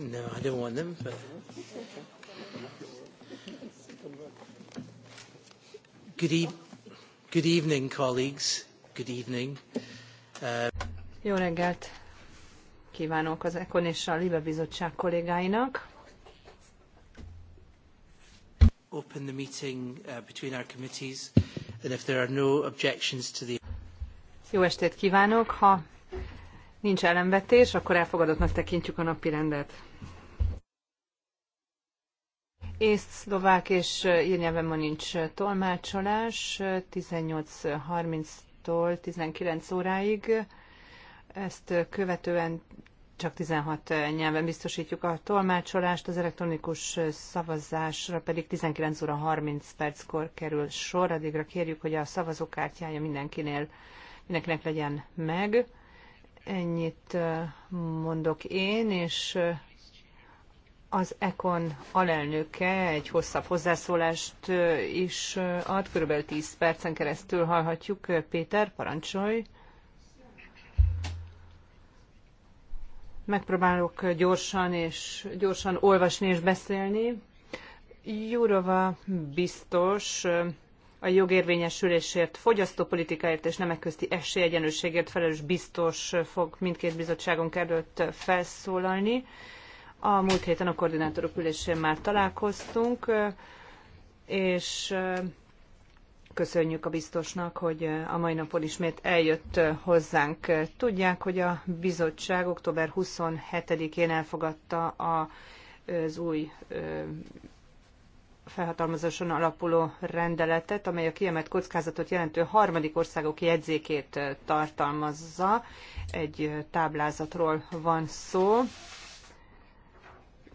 No, I don't want them, but... Good, e good evening, colleagues. Good evening. Uh... Jó reggelt kívánok az Ekon és a Libe Bizottság kollégáinak. Open the meeting uh, between our committees, and if there are no objections to the... Jó estét kívánok! Ha Nincs ellenvetés, akkor elfogadottnak tekintjük a napi rendet. Észt, szlovák és írnyelven ma nincs tolmácsolás, 18.30-tól 19 óráig. Ezt követően csak 16 nyelven biztosítjuk a tolmácsolást, az elektronikus szavazásra pedig 19 óra 30 perckor kerül sor. Addigra kérjük, hogy a szavazókártyája mindenkinél, mindenkinek legyen meg Ennyit mondok én, és az Econ alelnöke egy hosszabb hozzászólást is ad, kb. 10 percen keresztül hallhatjuk. Péter, parancsolj! Megpróbálok gyorsan és gyorsan olvasni és beszélni. Jurova biztos a jogérvényesülésért, fogyasztópolitikáért és nemek közti esélyegyenlőségért felelős biztos fog mindkét bizottságunk előtt felszólalni. A múlt héten a koordinátorok ülésén már találkoztunk, és köszönjük a biztosnak, hogy a mai napon ismét eljött hozzánk. Tudják, hogy a bizottság október 27-én elfogadta az új felhatalmazáson alapuló rendeletet, amely a kiemelt kockázatot jelentő harmadik országok jegyzékét tartalmazza. Egy táblázatról van szó.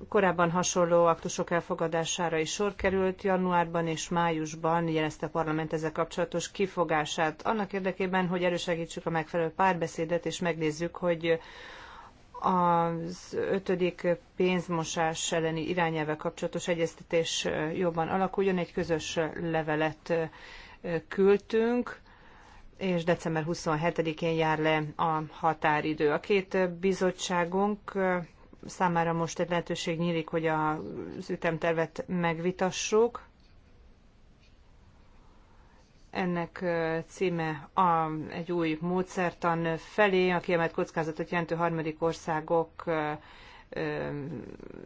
Korábban hasonló aktusok elfogadására is sor került januárban és májusban jelezte a parlament ezzel kapcsolatos kifogását. Annak érdekében, hogy elősegítsük a megfelelő párbeszédet, és megnézzük, hogy az ötödik pénzmosás elleni irányelve kapcsolatos egyeztetés jobban alakuljon. Egy közös levelet küldtünk, és december 27-én jár le a határidő. A két bizottságunk számára most egy lehetőség nyílik, hogy az ütemtervet megvitassuk ennek címe a, egy új módszertan felé, a kiemelt kockázatot jelentő harmadik országok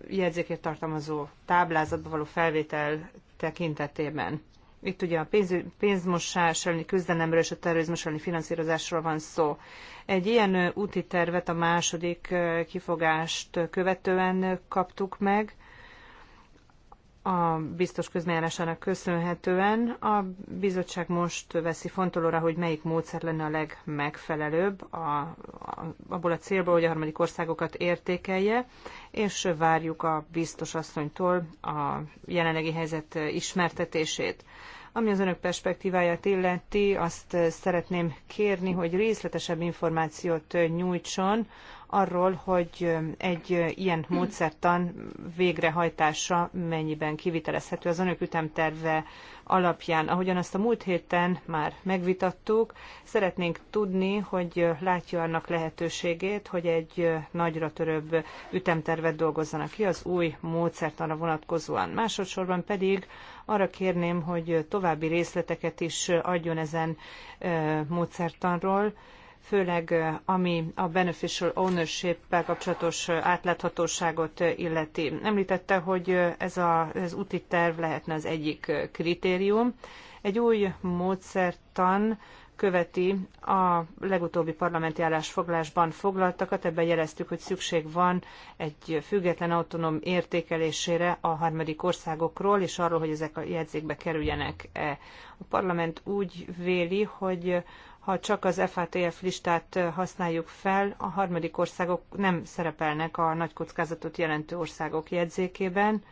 jegyzékét tartalmazó táblázatba való felvétel tekintetében. Itt ugye a pénz, pénzmosás elleni küzdelemről és a terrorizmus elleni finanszírozásról van szó. Egy ilyen úti tervet a második kifogást követően kaptuk meg, a biztos közmejárásának köszönhetően a bizottság most veszi fontolóra, hogy melyik módszer lenne a legmegfelelőbb a, a, abból a célból, hogy a harmadik országokat értékelje, és várjuk a biztos asszonytól a jelenlegi helyzet ismertetését. Ami az önök perspektíváját illeti, azt szeretném kérni, hogy részletesebb információt nyújtson arról, hogy egy ilyen módszertan végrehajtása mennyiben kivitelezhető az önök ütemterve alapján. Ahogyan azt a múlt héten már megvitattuk, szeretnénk tudni, hogy látja annak lehetőségét, hogy egy nagyra törőbb ütemtervet dolgozzanak ki az új módszertanra vonatkozóan. Másodszorban pedig arra kérném, hogy további részleteket is adjon ezen módszertanról, főleg ami a beneficial ownership-pel kapcsolatos átláthatóságot illeti. Említette, hogy ez a, az úti terv lehetne az egyik kritérium. Egy új módszertan követi a legutóbbi parlamenti állásfoglásban foglaltakat. Ebben jeleztük, hogy szükség van egy független autonóm értékelésére a harmadik országokról, és arról, hogy ezek a jegyzékbe kerüljenek -e. A parlament úgy véli, hogy ha csak az FATF listát használjuk fel, a harmadik országok nem szerepelnek a nagy kockázatot jelentő országok jegyzékében.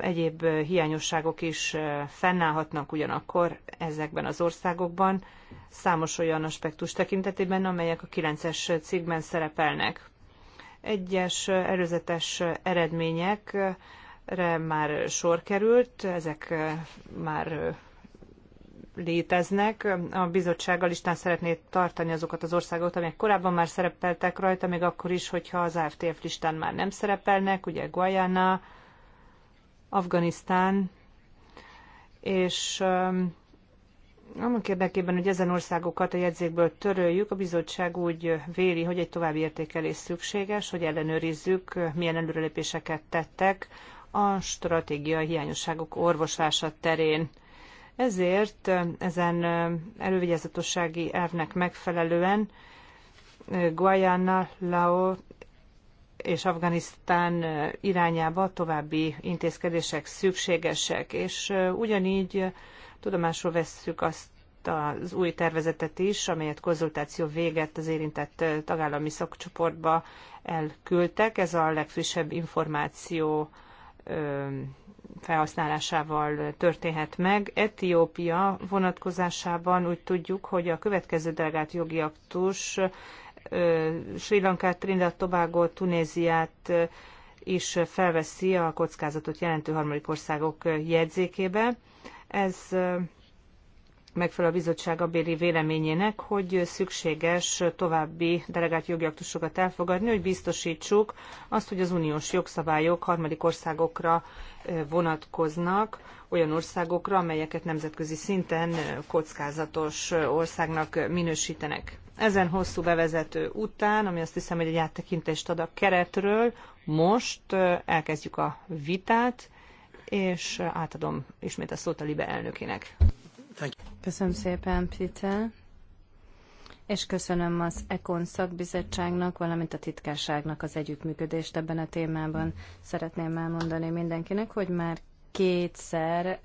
Egyéb hiányosságok is fennállhatnak ugyanakkor ezekben az országokban, számos olyan aspektus tekintetében, amelyek a 9-es cikkben szerepelnek. Egyes előzetes eredményekre már sor került, ezek már léteznek. A bizottság a listán szeretné tartani azokat az országokat, amelyek korábban már szerepeltek rajta, még akkor is, hogyha az AFTF listán már nem szerepelnek, ugye Guyana, Afganisztán, és annak érdekében, hogy ezen országokat a jegyzékből töröljük, a bizottság úgy véli, hogy egy további értékelés szükséges, hogy ellenőrizzük, milyen előrelépéseket tettek a stratégia hiányosságok orvoslása terén. Ezért ezen elővigyázatossági elvnek megfelelően Guayana, Lao és Afganisztán irányába további intézkedések szükségesek, és ugyanígy tudomásul vesszük azt az új tervezetet is, amelyet konzultáció véget az érintett tagállami szakcsoportba elküldtek. Ez a legfrissebb információ felhasználásával történhet meg. Etiópia vonatkozásában úgy tudjuk, hogy a következő delegált jogi aktus Sri Lankát, Trinidad, Tobago, Tunéziát is felveszi a kockázatot jelentő harmadik országok jegyzékébe. Ez megfelel a bizottság abéli véleményének, hogy szükséges további delegált jogi aktusokat elfogadni, hogy biztosítsuk azt, hogy az uniós jogszabályok harmadik országokra vonatkoznak, olyan országokra, amelyeket nemzetközi szinten kockázatos országnak minősítenek. Ezen hosszú bevezető után, ami azt hiszem, hogy egy áttekintést ad a keretről, most elkezdjük a vitát, és átadom ismét a szót a Libe elnökének. Köszönöm szépen, Peter. És köszönöm az ECON szakbizottságnak, valamint a titkárságnak az együttműködést ebben a témában. Szeretném elmondani mindenkinek, hogy már kétszer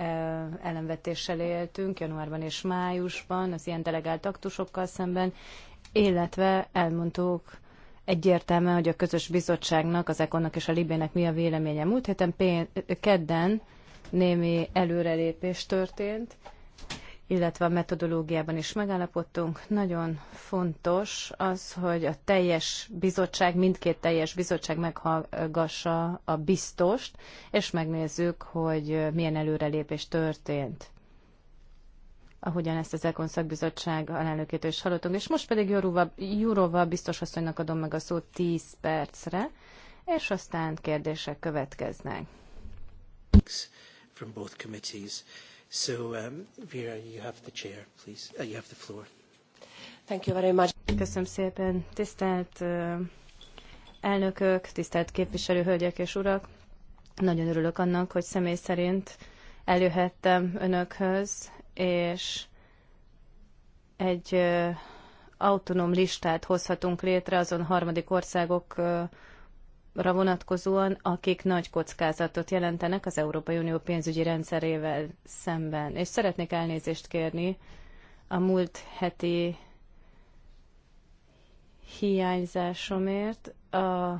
ellenvetéssel éltünk, januárban és májusban, az ilyen delegált aktusokkal szemben, illetve elmondtuk egyértelmű, hogy a közös bizottságnak, az Ekonnak és a Libének mi a véleménye. Múlt héten pén- kedden némi előrelépés történt, illetve a metodológiában is megállapodtunk. Nagyon fontos az, hogy a teljes bizottság, mindkét teljes bizottság meghallgassa a biztost, és megnézzük, hogy milyen előrelépés történt ahogyan ezt az Ekon szakbizottság alelnökétől is hallottunk. És most pedig Jorúva, Jurova biztos asszonynak adom meg a szót 10 percre, és aztán kérdések következnek. From both committees. So, um, Vera, you have the chair, please. Uh, you have the floor. Thank you very much. Köszönöm szépen, tisztelt uh, elnökök, tisztelt képviselő hölgyek és urak. Nagyon örülök annak, hogy személy szerint eljöhettem önökhöz, és egy uh, autonóm listát hozhatunk létre azon harmadik országok uh, vonatkozóan, akik nagy kockázatot jelentenek az Európai Unió pénzügyi rendszerével szemben. És szeretnék elnézést kérni a múlt heti hiányzásomért. A,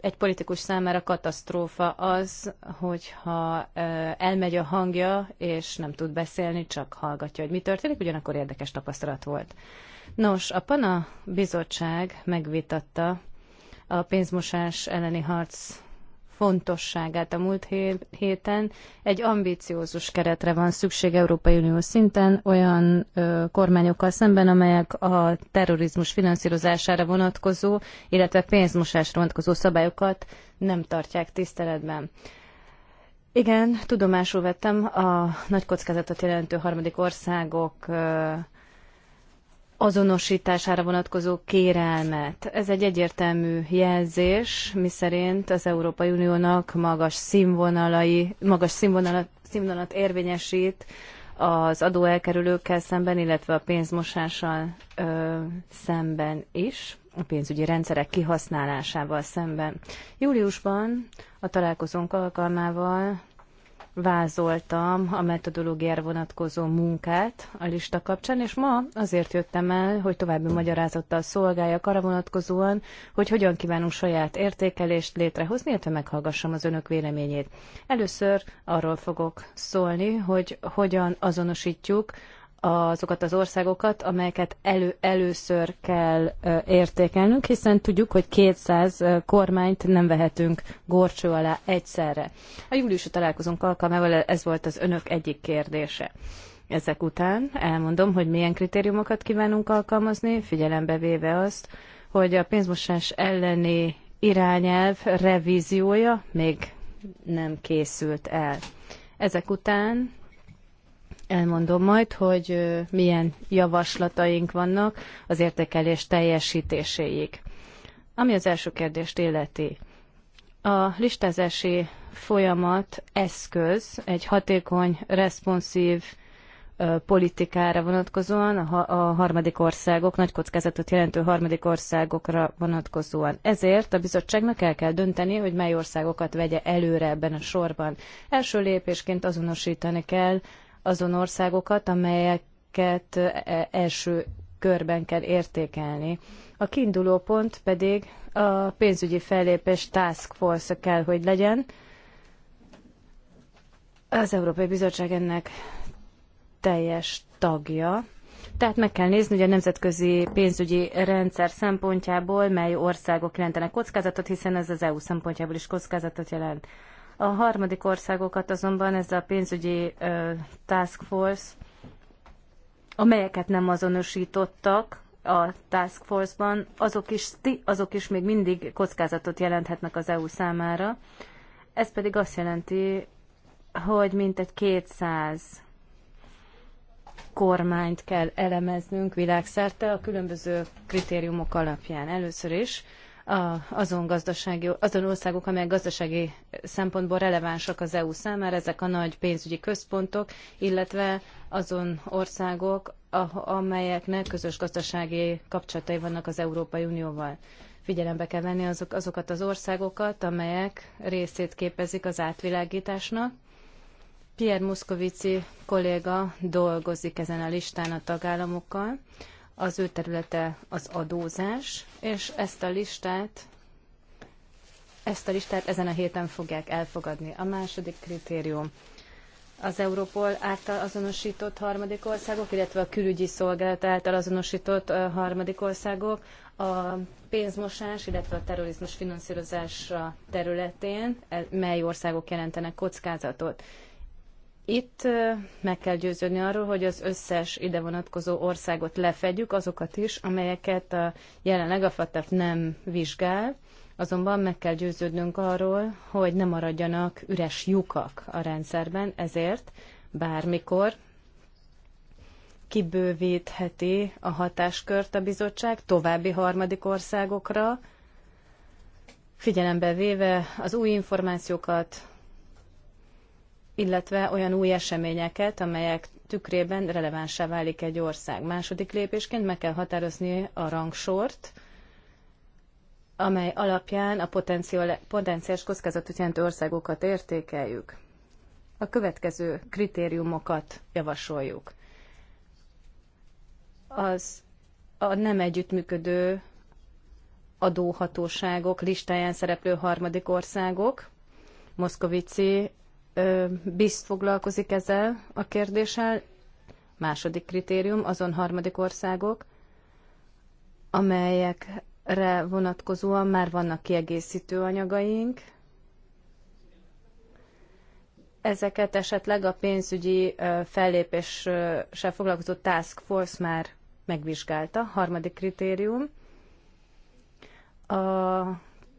egy politikus számára katasztrófa az, hogyha elmegy a hangja, és nem tud beszélni, csak hallgatja, hogy mi történik, ugyanakkor érdekes tapasztalat volt. Nos, a PANA bizottság megvitatta a pénzmosás elleni harc fontosságát a múlt héten. Egy ambíciózus keretre van szükség Európai Unió szinten olyan ö, kormányokkal szemben, amelyek a terrorizmus finanszírozására vonatkozó, illetve pénzmosásra vonatkozó szabályokat nem tartják tiszteletben. Igen, tudomásul vettem a nagy kockázatot jelentő harmadik országok azonosítására vonatkozó kérelmet. Ez egy egyértelmű jelzés, miszerint az Európai Uniónak magas színvonalai, magas színvonalat, színvonalat érvényesít az adóelkerülőkkel szemben, illetve a pénzmosással ö, szemben is, a pénzügyi rendszerek kihasználásával szemben. Júliusban a találkozónk alkalmával vázoltam a metodológiára vonatkozó munkát a lista kapcsán, és ma azért jöttem el, hogy további magyarázattal szolgáljak arra vonatkozóan, hogy hogyan kívánunk saját értékelést létrehozni, illetve meghallgassam az önök véleményét. Először arról fogok szólni, hogy hogyan azonosítjuk azokat az országokat, amelyeket elő, először kell értékelnünk, hiszen tudjuk, hogy 200 kormányt nem vehetünk gorcső alá egyszerre. A júliusi találkozónk alkalmával ez volt az önök egyik kérdése. Ezek után elmondom, hogy milyen kritériumokat kívánunk alkalmazni, figyelembe véve azt, hogy a pénzmosás elleni irányelv revíziója még nem készült el. Ezek után elmondom majd, hogy milyen javaslataink vannak az értékelés teljesítéséig. Ami az első kérdést illeti, a listázási folyamat eszköz egy hatékony, responszív politikára vonatkozóan, a harmadik országok, nagy kockázatot jelentő harmadik országokra vonatkozóan. Ezért a bizottságnak el kell dönteni, hogy mely országokat vegye előre ebben a sorban. Első lépésként azonosítani kell azon országokat, amelyeket e, első körben kell értékelni. A kiinduló pont pedig a pénzügyi fellépés task force kell, hogy legyen. Az Európai Bizottság ennek teljes tagja. Tehát meg kell nézni, hogy a nemzetközi pénzügyi rendszer szempontjából mely országok jelentenek kockázatot, hiszen ez az EU szempontjából is kockázatot jelent. A harmadik országokat azonban ez a pénzügyi task force, amelyeket nem azonosítottak a task force-ban, azok is, azok is még mindig kockázatot jelenthetnek az EU számára. Ez pedig azt jelenti, hogy mintegy 200 kormányt kell elemeznünk világszerte a különböző kritériumok alapján. Először is a, azon, gazdasági, azon országok, amelyek gazdasági szempontból relevánsak az EU számára, ezek a nagy pénzügyi központok, illetve azon országok, a, amelyeknek közös gazdasági kapcsolatai vannak az Európai Unióval. Figyelembe kell venni azok, azokat az országokat, amelyek részét képezik az átvilágításnak. Pierre Muszkovici kolléga dolgozik ezen a listán a tagállamokkal az ő területe az adózás, és ezt a listát ezt a listát ezen a héten fogják elfogadni. A második kritérium az Európol által azonosított harmadik országok, illetve a külügyi szolgálat által azonosított harmadik országok a pénzmosás, illetve a terrorizmus finanszírozása területén, mely országok jelentenek kockázatot. Itt meg kell győződni arról, hogy az összes ide vonatkozó országot lefedjük, azokat is, amelyeket a, jelenleg a FATF nem vizsgál, azonban meg kell győződnünk arról, hogy ne maradjanak üres lyukak a rendszerben, ezért bármikor kibővítheti a hatáskört a bizottság további harmadik országokra, figyelembe véve az új információkat, illetve olyan új eseményeket, amelyek tükrében relevánsá válik egy ország. Második lépésként meg kell határozni a rangsort, amely alapján a potenciális kockázatot jelentő országokat értékeljük. A következő kritériumokat javasoljuk. Az a nem együttműködő adóhatóságok listáján szereplő harmadik országok, Moszkovici bizt foglalkozik ezzel a kérdéssel. Második kritérium, azon harmadik országok, amelyekre vonatkozóan már vannak kiegészítő anyagaink. Ezeket esetleg a pénzügyi fellépéssel foglalkozó Task Force már megvizsgálta. Harmadik kritérium, a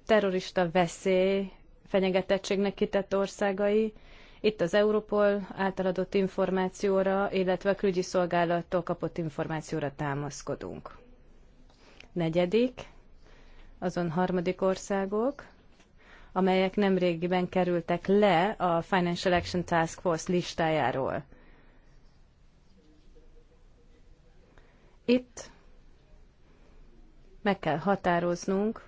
terrorista veszély fenyegetettségnek kitett országai. Itt az által általadott információra, illetve a külügyi szolgálattól kapott információra támaszkodunk. Negyedik, azon harmadik országok, amelyek nemrégiben kerültek le a Financial Action Task Force listájáról. Itt meg kell határoznunk,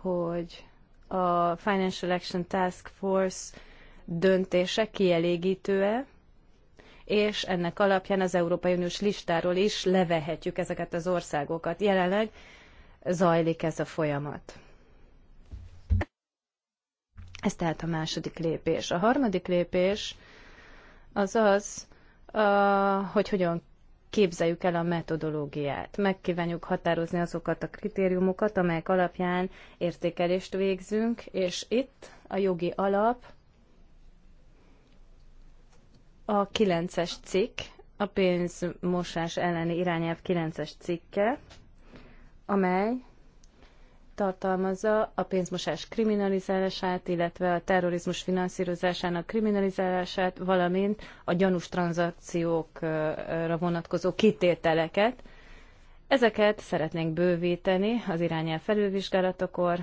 hogy a Financial Action Task Force döntése kielégítő-e, és ennek alapján az Európai Uniós listáról is levehetjük ezeket az országokat. Jelenleg zajlik ez a folyamat. Ez tehát a második lépés. A harmadik lépés az az, hogy hogyan képzeljük el a metodológiát, megkívánjuk határozni azokat a kritériumokat, amelyek alapján értékelést végzünk, és itt a jogi alap a 9-es cikk, a pénzmosás elleni irányelv 9-es cikke, amely tartalmazza a pénzmosás kriminalizálását, illetve a terrorizmus finanszírozásának kriminalizálását, valamint a gyanús tranzakciókra vonatkozó kitételeket. Ezeket szeretnénk bővíteni az irányel felülvizsgálatokor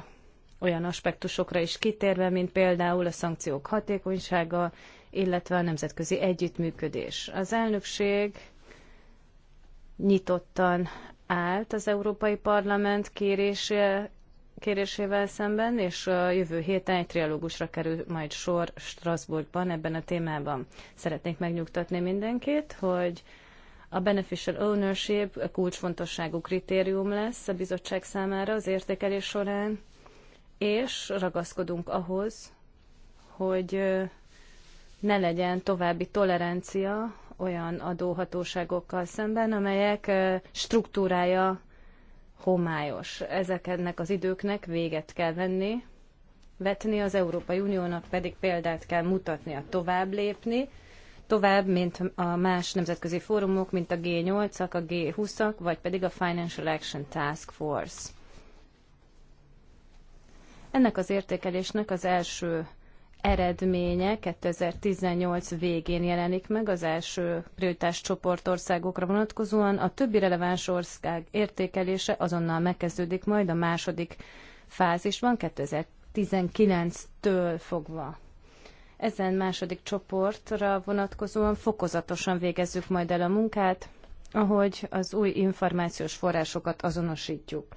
olyan aspektusokra is kitérve, mint például a szankciók hatékonysága, illetve a nemzetközi együttműködés. Az elnökség nyitottan állt az Európai Parlament kérése kérésével szemben, és a jövő héten egy trialógusra kerül majd sor Strasbourgban ebben a témában. Szeretnék megnyugtatni mindenkit, hogy a beneficial ownership a kulcsfontosságú kritérium lesz a bizottság számára az értékelés során, és ragaszkodunk ahhoz, hogy ne legyen további tolerancia olyan adóhatóságokkal szemben, amelyek struktúrája homályos. Ezeknek az időknek véget kell venni, vetni, az Európai Uniónak pedig példát kell mutatnia, tovább lépni, tovább, mint a más nemzetközi fórumok, mint a G8-ak, a G20-ak, vagy pedig a Financial Action Task Force. Ennek az értékelésnek az első eredménye 2018 végén jelenik meg az első prioritás csoport országokra vonatkozóan, a többi releváns ország értékelése azonnal megkezdődik majd a második fázisban 2019-től fogva. Ezen második csoportra vonatkozóan fokozatosan végezzük majd el a munkát, ahogy az új információs forrásokat azonosítjuk.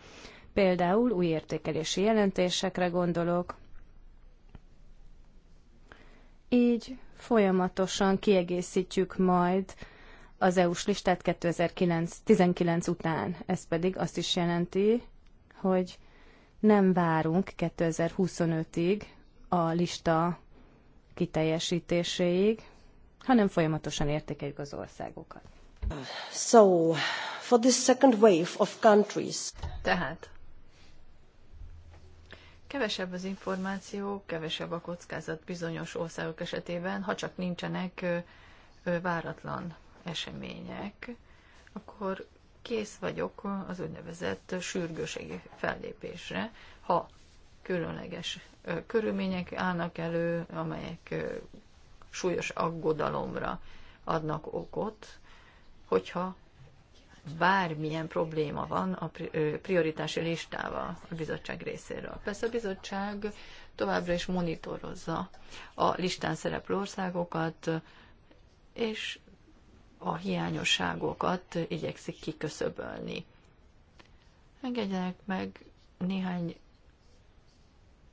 Például új értékelési jelentésekre gondolok, így folyamatosan kiegészítjük majd az EU-s listát 2019 után. Ez pedig azt is jelenti, hogy nem várunk 2025-ig a lista kiteljesítéséig, hanem folyamatosan értékeljük az országokat. So, for this second wave of countries. Tehát Kevesebb az információ, kevesebb a kockázat bizonyos országok esetében, ha csak nincsenek váratlan események, akkor kész vagyok az úgynevezett sürgőségi fellépésre, ha különleges körülmények állnak elő, amelyek súlyos aggodalomra adnak okot, hogyha bármilyen probléma van a prioritási listával a bizottság részéről. Persze a bizottság továbbra is monitorozza a listán szereplő országokat, és a hiányosságokat igyekszik kiköszöbölni. Engedjenek meg néhány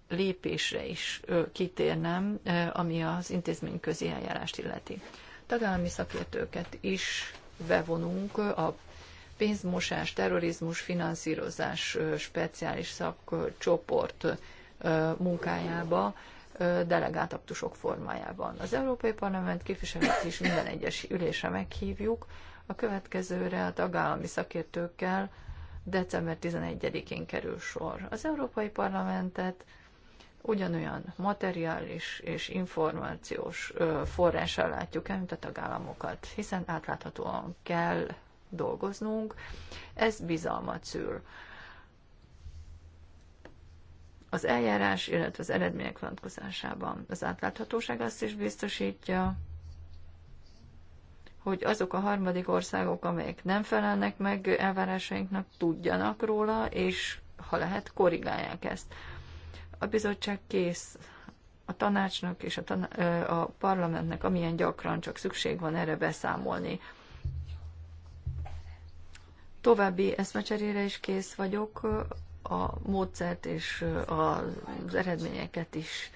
lépésre is kitérnem, ami az intézményközi eljárást illeti. Tagállami szakértőket is bevonunk a pénzmosás, terrorizmus, finanszírozás speciális szakcsoport munkájába delegátaktusok formájában. Az Európai Parlament képviselőt is minden egyes ülésre meghívjuk, a következőre a tagállami szakértőkkel december 11-én kerül sor. Az Európai Parlamentet ugyanolyan materiális és információs forrással látjuk el, mint a tagállamokat, hiszen átláthatóan kell dolgoznunk, ez bizalmat szül. Az eljárás, illetve az eredmények vonatkozásában az átláthatóság azt is biztosítja, hogy azok a harmadik országok, amelyek nem felelnek meg elvárásainknak, tudjanak róla, és ha lehet, korrigálják ezt. A bizottság kész a tanácsnak és a, tan- a parlamentnek, amilyen gyakran csak szükség van erre beszámolni. További eszmecserére is kész vagyok, a módszert és az eredményeket is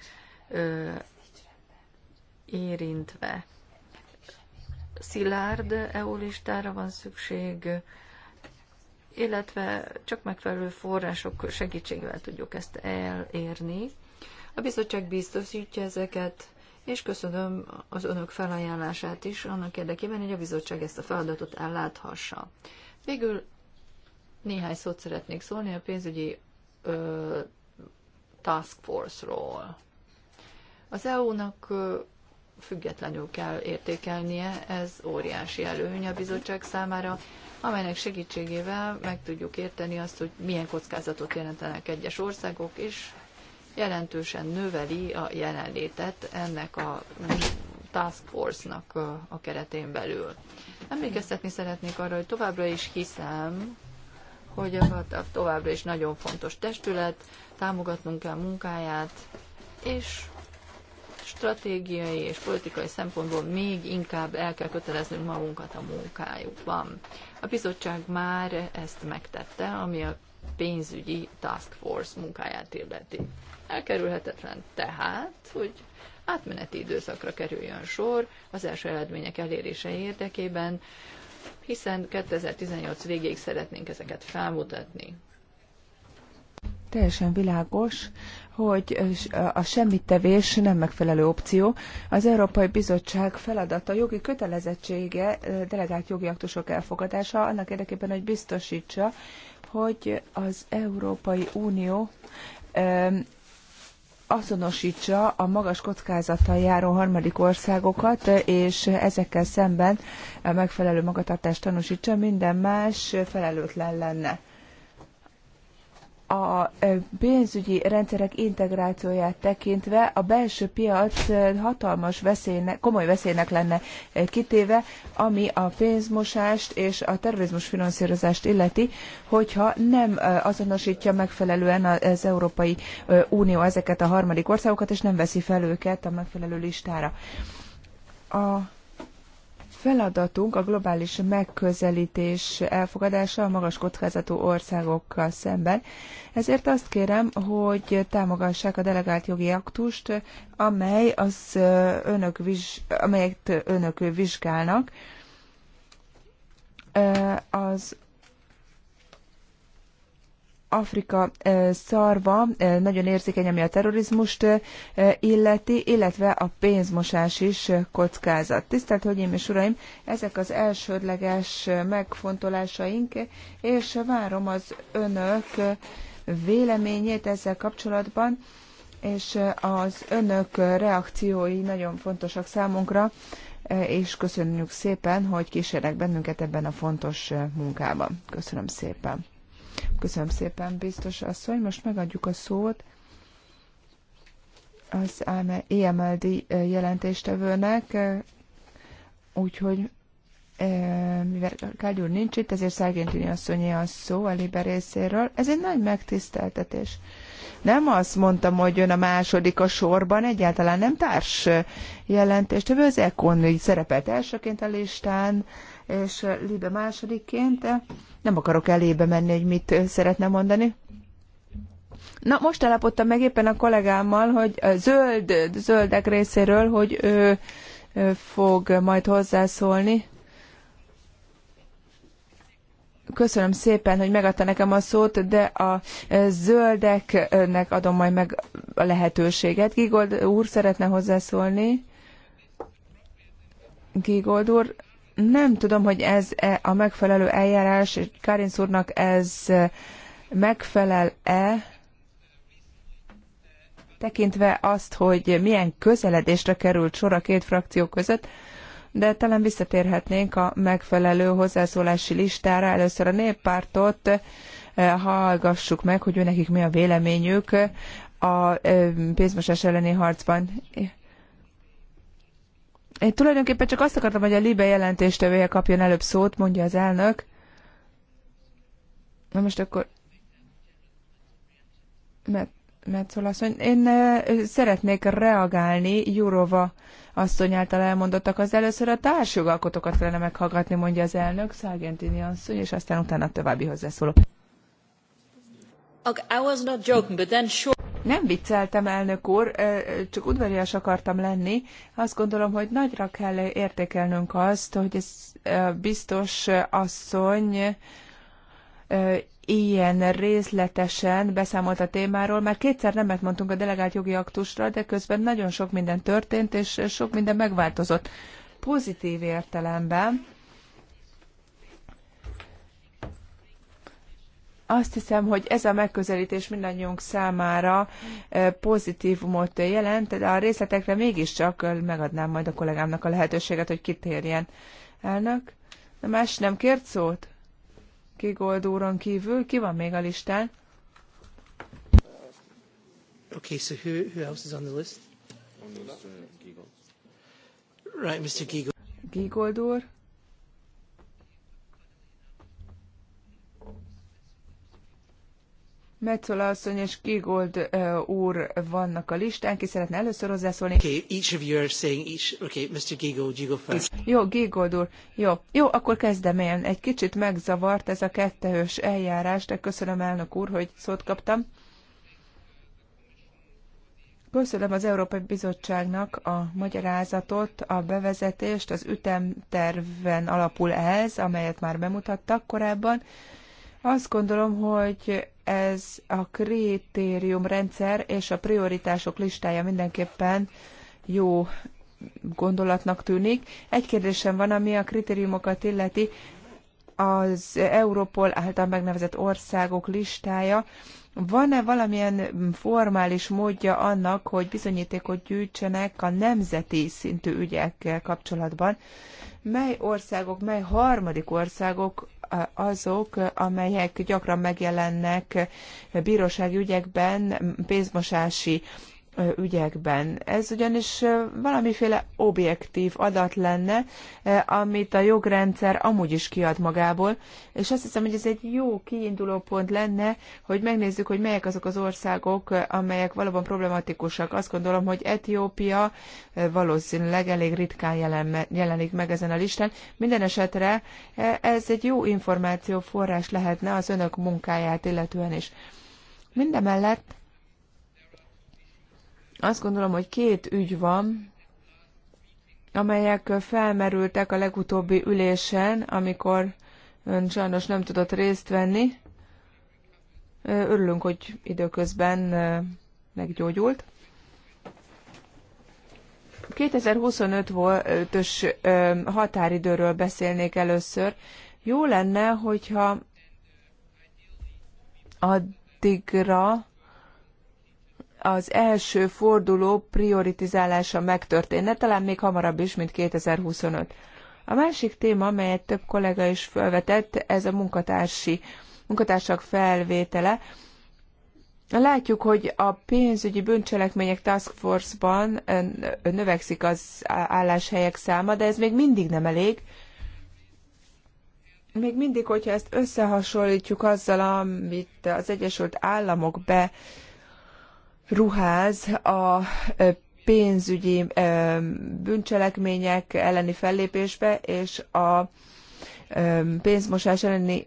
érintve. Szilárd eulistára van szükség, illetve csak megfelelő források segítségével tudjuk ezt elérni. A bizottság biztosítja ezeket, és köszönöm az önök felajánlását is annak érdekében, hogy a bizottság ezt a feladatot elláthassa. Végül néhány szót szeretnék szólni a pénzügyi ö, task force-ról. Az EU-nak függetlenül kell értékelnie, ez óriási előny a bizottság számára, amelynek segítségével meg tudjuk érteni azt, hogy milyen kockázatot jelentenek egyes országok, és jelentősen növeli a jelenlétet ennek a Task Force-nak a keretén belül. Emlékeztetni szeretnék arra, hogy továbbra is hiszem, hogy a FATF továbbra is nagyon fontos testület, támogatnunk kell munkáját, és stratégiai és politikai szempontból még inkább el kell köteleznünk magunkat a munkájukban. A bizottság már ezt megtette, ami a pénzügyi task force munkáját illeti. Elkerülhetetlen tehát, hogy átmeneti időszakra kerüljön sor az első eredmények elérése érdekében, hiszen 2018 végéig szeretnénk ezeket felmutatni. Teljesen világos, hogy a semmittevés nem megfelelő opció. Az Európai Bizottság feladata, jogi kötelezettsége, delegált jogi aktusok elfogadása annak érdekében, hogy biztosítsa, hogy az Európai Unió azonosítsa a magas kockázattal járó harmadik országokat, és ezekkel szemben megfelelő magatartást tanúsítsa, minden más felelőtlen lenne a pénzügyi rendszerek integrációját tekintve a belső piac hatalmas veszélynek, komoly veszélynek lenne kitéve, ami a pénzmosást és a terrorizmus finanszírozást illeti, hogyha nem azonosítja megfelelően az Európai Unió ezeket a harmadik országokat, és nem veszi fel őket a megfelelő listára. A feladatunk a globális megközelítés elfogadása a magas kockázatú országokkal szemben. Ezért azt kérem, hogy támogassák a delegált jogi aktust, amely az önök viz, amelyet önök vizsgálnak. Az Afrika szarva nagyon érzékeny, ami a terrorizmust illeti, illetve a pénzmosás is kockázat. Tisztelt Hölgyeim és Uraim, ezek az elsődleges megfontolásaink, és várom az önök véleményét ezzel kapcsolatban, és az önök reakciói nagyon fontosak számunkra, és köszönjük szépen, hogy kísérnek bennünket ebben a fontos munkában. Köszönöm szépen. Köszönöm szépen, biztos asszony. Most megadjuk a szót az EMLD e e, jelentéstevőnek, e, úgyhogy mivel úr nincs itt, ezért Szárgentini asszonyi a szó a Libe részéről. Ez egy nagy megtiszteltetés. Nem azt mondtam, hogy jön a második a sorban, egyáltalán nem társ jelentést. Ő az Econ szerepelt elsőként a listán, és Libe másodikként. Nem akarok elébe menni, hogy mit szeretne mondani. Na, most állapodtam meg éppen a kollégámmal, hogy a zöld, zöldek részéről, hogy ő, ő fog majd hozzászólni. Köszönöm szépen, hogy megadta nekem a szót, de a zöldeknek adom majd meg a lehetőséget. Gigold úr szeretne hozzászólni. Gigold úr, nem tudom, hogy ez -e a megfelelő eljárás, Karin úrnak ez e, megfelel-e, tekintve azt, hogy milyen közeledésre került sor a két frakció között, de talán visszatérhetnénk a megfelelő hozzászólási listára. Először a néppártot e, hallgassuk meg, hogy ő nekik mi a véleményük a e, pénzmosás elleni harcban. Én tulajdonképpen csak azt akartam, hogy a Libe jelentéstevője kapjon előbb szót, mondja az elnök. Na most akkor... Mert Metzola asszony. Én szeretnék reagálni Jurova asszony által elmondottak az először a társjogalkotókat kellene meghallgatni, mondja az elnök, Szágentini asszony, és aztán utána további hozzászóló. Nem vicceltem, elnök úr, csak udvarias akartam lenni. Azt gondolom, hogy nagyra kell értékelnünk azt, hogy ez biztos asszony ilyen részletesen beszámolt a témáról. Már kétszer nemet mondtunk a delegált jogi aktusra, de közben nagyon sok minden történt, és sok minden megváltozott. Pozitív értelemben Azt hiszem, hogy ez a megközelítés mindannyiunk számára e, pozitívumot jelent, de a részletekre mégiscsak megadnám majd a kollégámnak a lehetőséget, hogy kitérjen. Elnök, de más nem kért szót? Kigold úron kívül, ki van még a listán? Okay, so who, who else is on the list? On the list uh, Gigold. Right, Mr. Gigold. Gigold úr. Metzola asszony és Kigold uh, úr vannak a listán, ki szeretne először hozzászólni. Okay, each of you are saying each, okay, Mr. Giggold, you go first. Jó, Giggold úr, jó. Jó, akkor kezdem én. Egy kicsit megzavart ez a kettős eljárás, de köszönöm elnök úr, hogy szót kaptam. Köszönöm az Európai Bizottságnak a magyarázatot, a bevezetést, az ütemterven alapul ez, amelyet már bemutattak korábban. Azt gondolom, hogy ez a kritériumrendszer és a prioritások listája mindenképpen jó gondolatnak tűnik. Egy kérdésem van, ami a kritériumokat illeti, az Európol által megnevezett országok listája. Van-e valamilyen formális módja annak, hogy bizonyítékot gyűjtsenek a nemzeti szintű ügyekkel kapcsolatban? Mely országok, mely harmadik országok azok, amelyek gyakran megjelennek bírósági ügyekben pénzmosási ügyekben. Ez ugyanis valamiféle objektív adat lenne, amit a jogrendszer amúgy is kiad magából, és azt hiszem, hogy ez egy jó kiinduló pont lenne, hogy megnézzük, hogy melyek azok az országok, amelyek valóban problematikusak. Azt gondolom, hogy Etiópia valószínűleg elég ritkán jelen, jelenik meg ezen a listán. Minden esetre ez egy jó információforrás lehetne az önök munkáját illetően is. Mindemellett azt gondolom, hogy két ügy van, amelyek felmerültek a legutóbbi ülésen, amikor ön sajnos nem tudott részt venni. Örülünk, hogy időközben meggyógyult. 2025-ös határidőről beszélnék először. Jó lenne, hogyha addigra az első forduló prioritizálása megtörténne, talán még hamarabb is, mint 2025. A másik téma, amelyet több kollega is felvetett, ez a munkatársi, munkatársak felvétele. Látjuk, hogy a pénzügyi bűncselekmények Task Force-ban növekszik az álláshelyek száma, de ez még mindig nem elég. Még mindig, hogyha ezt összehasonlítjuk azzal, amit az Egyesült Államok be ruház a pénzügyi bűncselekmények elleni fellépésbe és a pénzmosás elleni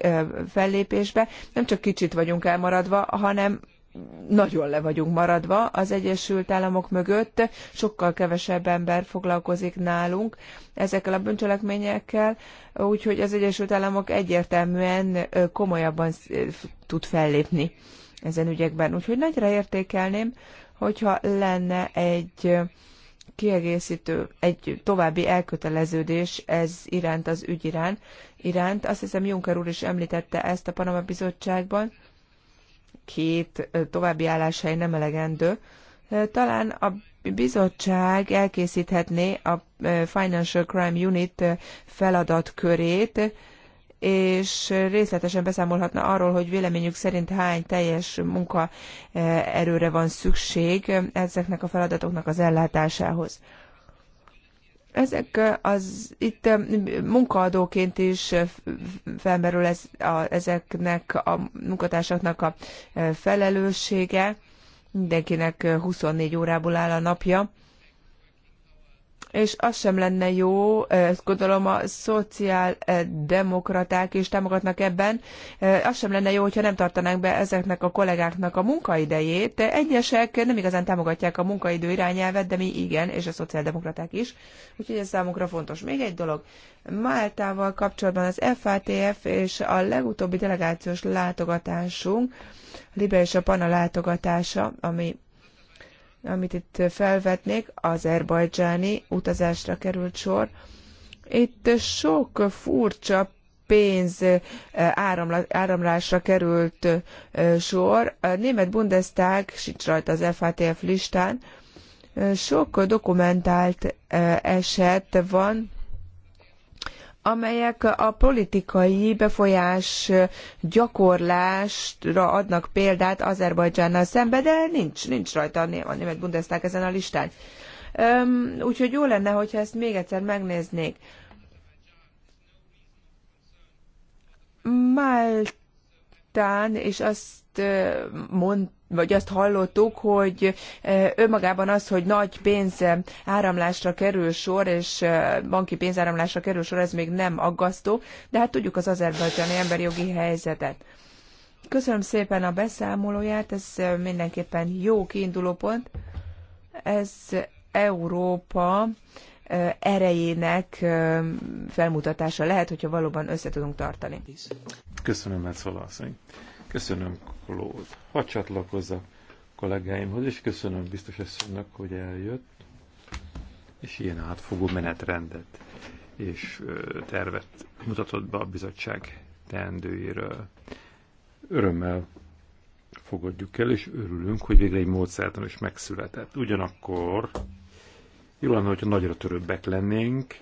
fellépésbe. Nem csak kicsit vagyunk elmaradva, hanem nagyon le vagyunk maradva az Egyesült Államok mögött, sokkal kevesebb ember foglalkozik nálunk ezekkel a bűncselekményekkel, úgyhogy az Egyesült Államok egyértelműen komolyabban tud fellépni ezen ügyekben. Úgyhogy nagyra értékelném, hogyha lenne egy kiegészítő, egy további elköteleződés ez iránt, az ügy iránt. iránt. Azt hiszem Juncker úr is említette ezt a Panama Bizottságban. Két további álláshely nem elegendő. Talán a bizottság elkészíthetné a Financial Crime Unit feladatkörét, és részletesen beszámolhatna arról, hogy véleményük szerint hány teljes munkaerőre eh, van szükség ezeknek a feladatoknak az ellátásához. Ezek eh, az itt eh, munkaadóként is felmerül ez, a, ezeknek a munkatársaknak a felelőssége. Mindenkinek 24 órából áll a napja és az sem lenne jó, ezt gondolom a szociáldemokraták is támogatnak ebben, az sem lenne jó, hogyha nem tartanánk be ezeknek a kollégáknak a munkaidejét. Egyesek nem igazán támogatják a munkaidő irányelvet, de mi igen, és a szociáldemokraták is, úgyhogy ez számunkra fontos. Még egy dolog, Máltával kapcsolatban az FATF és a legutóbbi delegációs látogatásunk, Libe és a Pana látogatása, ami amit itt felvetnék, azerbajdzsáni utazásra került sor. Itt sok furcsa pénz eh, áramlásra került eh, sor. A német Bundestag sincs rajta az FATF listán. Eh, sok dokumentált eset van, amelyek a politikai befolyás gyakorlásra adnak példát Azerbajdzsánnal szembe, de nincs, nincs rajta a német Bundestag ezen a listán. úgyhogy jó lenne, hogyha ezt még egyszer megnéznék. Máltán, és azt mondta, vagy azt hallottuk, hogy e, önmagában az, hogy nagy pénzáramlásra kerül sor, és e, banki pénzáramlásra kerül sor, ez még nem aggasztó, de hát tudjuk az azerbajdzsáni emberi jogi helyzetet. Köszönöm szépen a beszámolóját, ez mindenképpen jó kiindulópont. Ez Európa e, erejének felmutatása lehet, hogyha valóban össze tudunk tartani. Köszönöm, Metzola asszony. Köszönöm, Jean-Claude. Hadd csatlakozzak kollégáimhoz, és köszönöm biztos eszünknek, hogy eljött, és ilyen átfogó menetrendet és tervet mutatott be a bizottság teendőiről. Örömmel fogadjuk el, és örülünk, hogy végre egy módszertan is megszületett. Ugyanakkor jó lenne, hogyha nagyra törőbbek lennénk,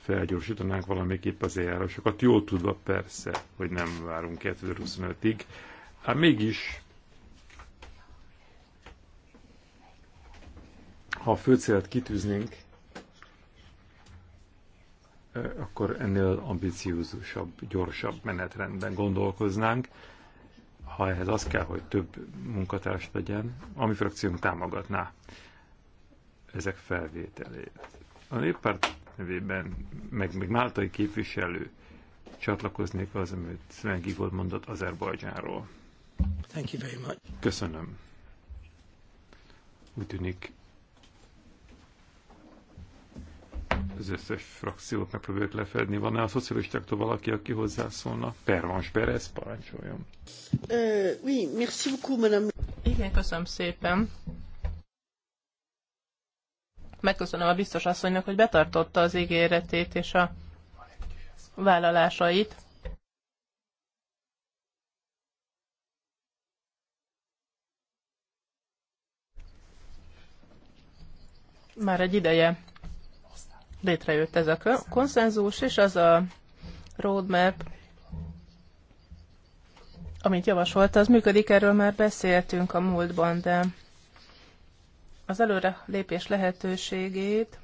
felgyorsítanánk valamiképp az eljárásokat, jól tudva persze, hogy nem várunk 2025-ig, Hát mégis, ha a főcélt kitűznénk, akkor ennél ambiciózusabb, gyorsabb menetrendben gondolkoznánk. Ha ehhez az kell, hogy több munkatárs legyen, ami frakciónk támogatná ezek felvételét. A néppárt nevében, meg még máltai képviselő csatlakoznék az, amit Sven Gigold mondott Azerbajdzsánról. Thank you very much. Köszönöm. Úgy tűnik, az összes frakciót megpróbáljuk lefedni. Van-e a szocialistáktól valaki, aki hozzászólna? Pervans Perez, parancsoljon. Uh, oui, merci beaucoup, madame. Igen, köszönöm szépen. Megköszönöm a biztos asszonynak, hogy betartotta az ígéretét és a vállalásait. már egy ideje létrejött ez a konszenzus, és az a roadmap, amit javasolt, az működik, erről már beszéltünk a múltban, de az előre lépés lehetőségét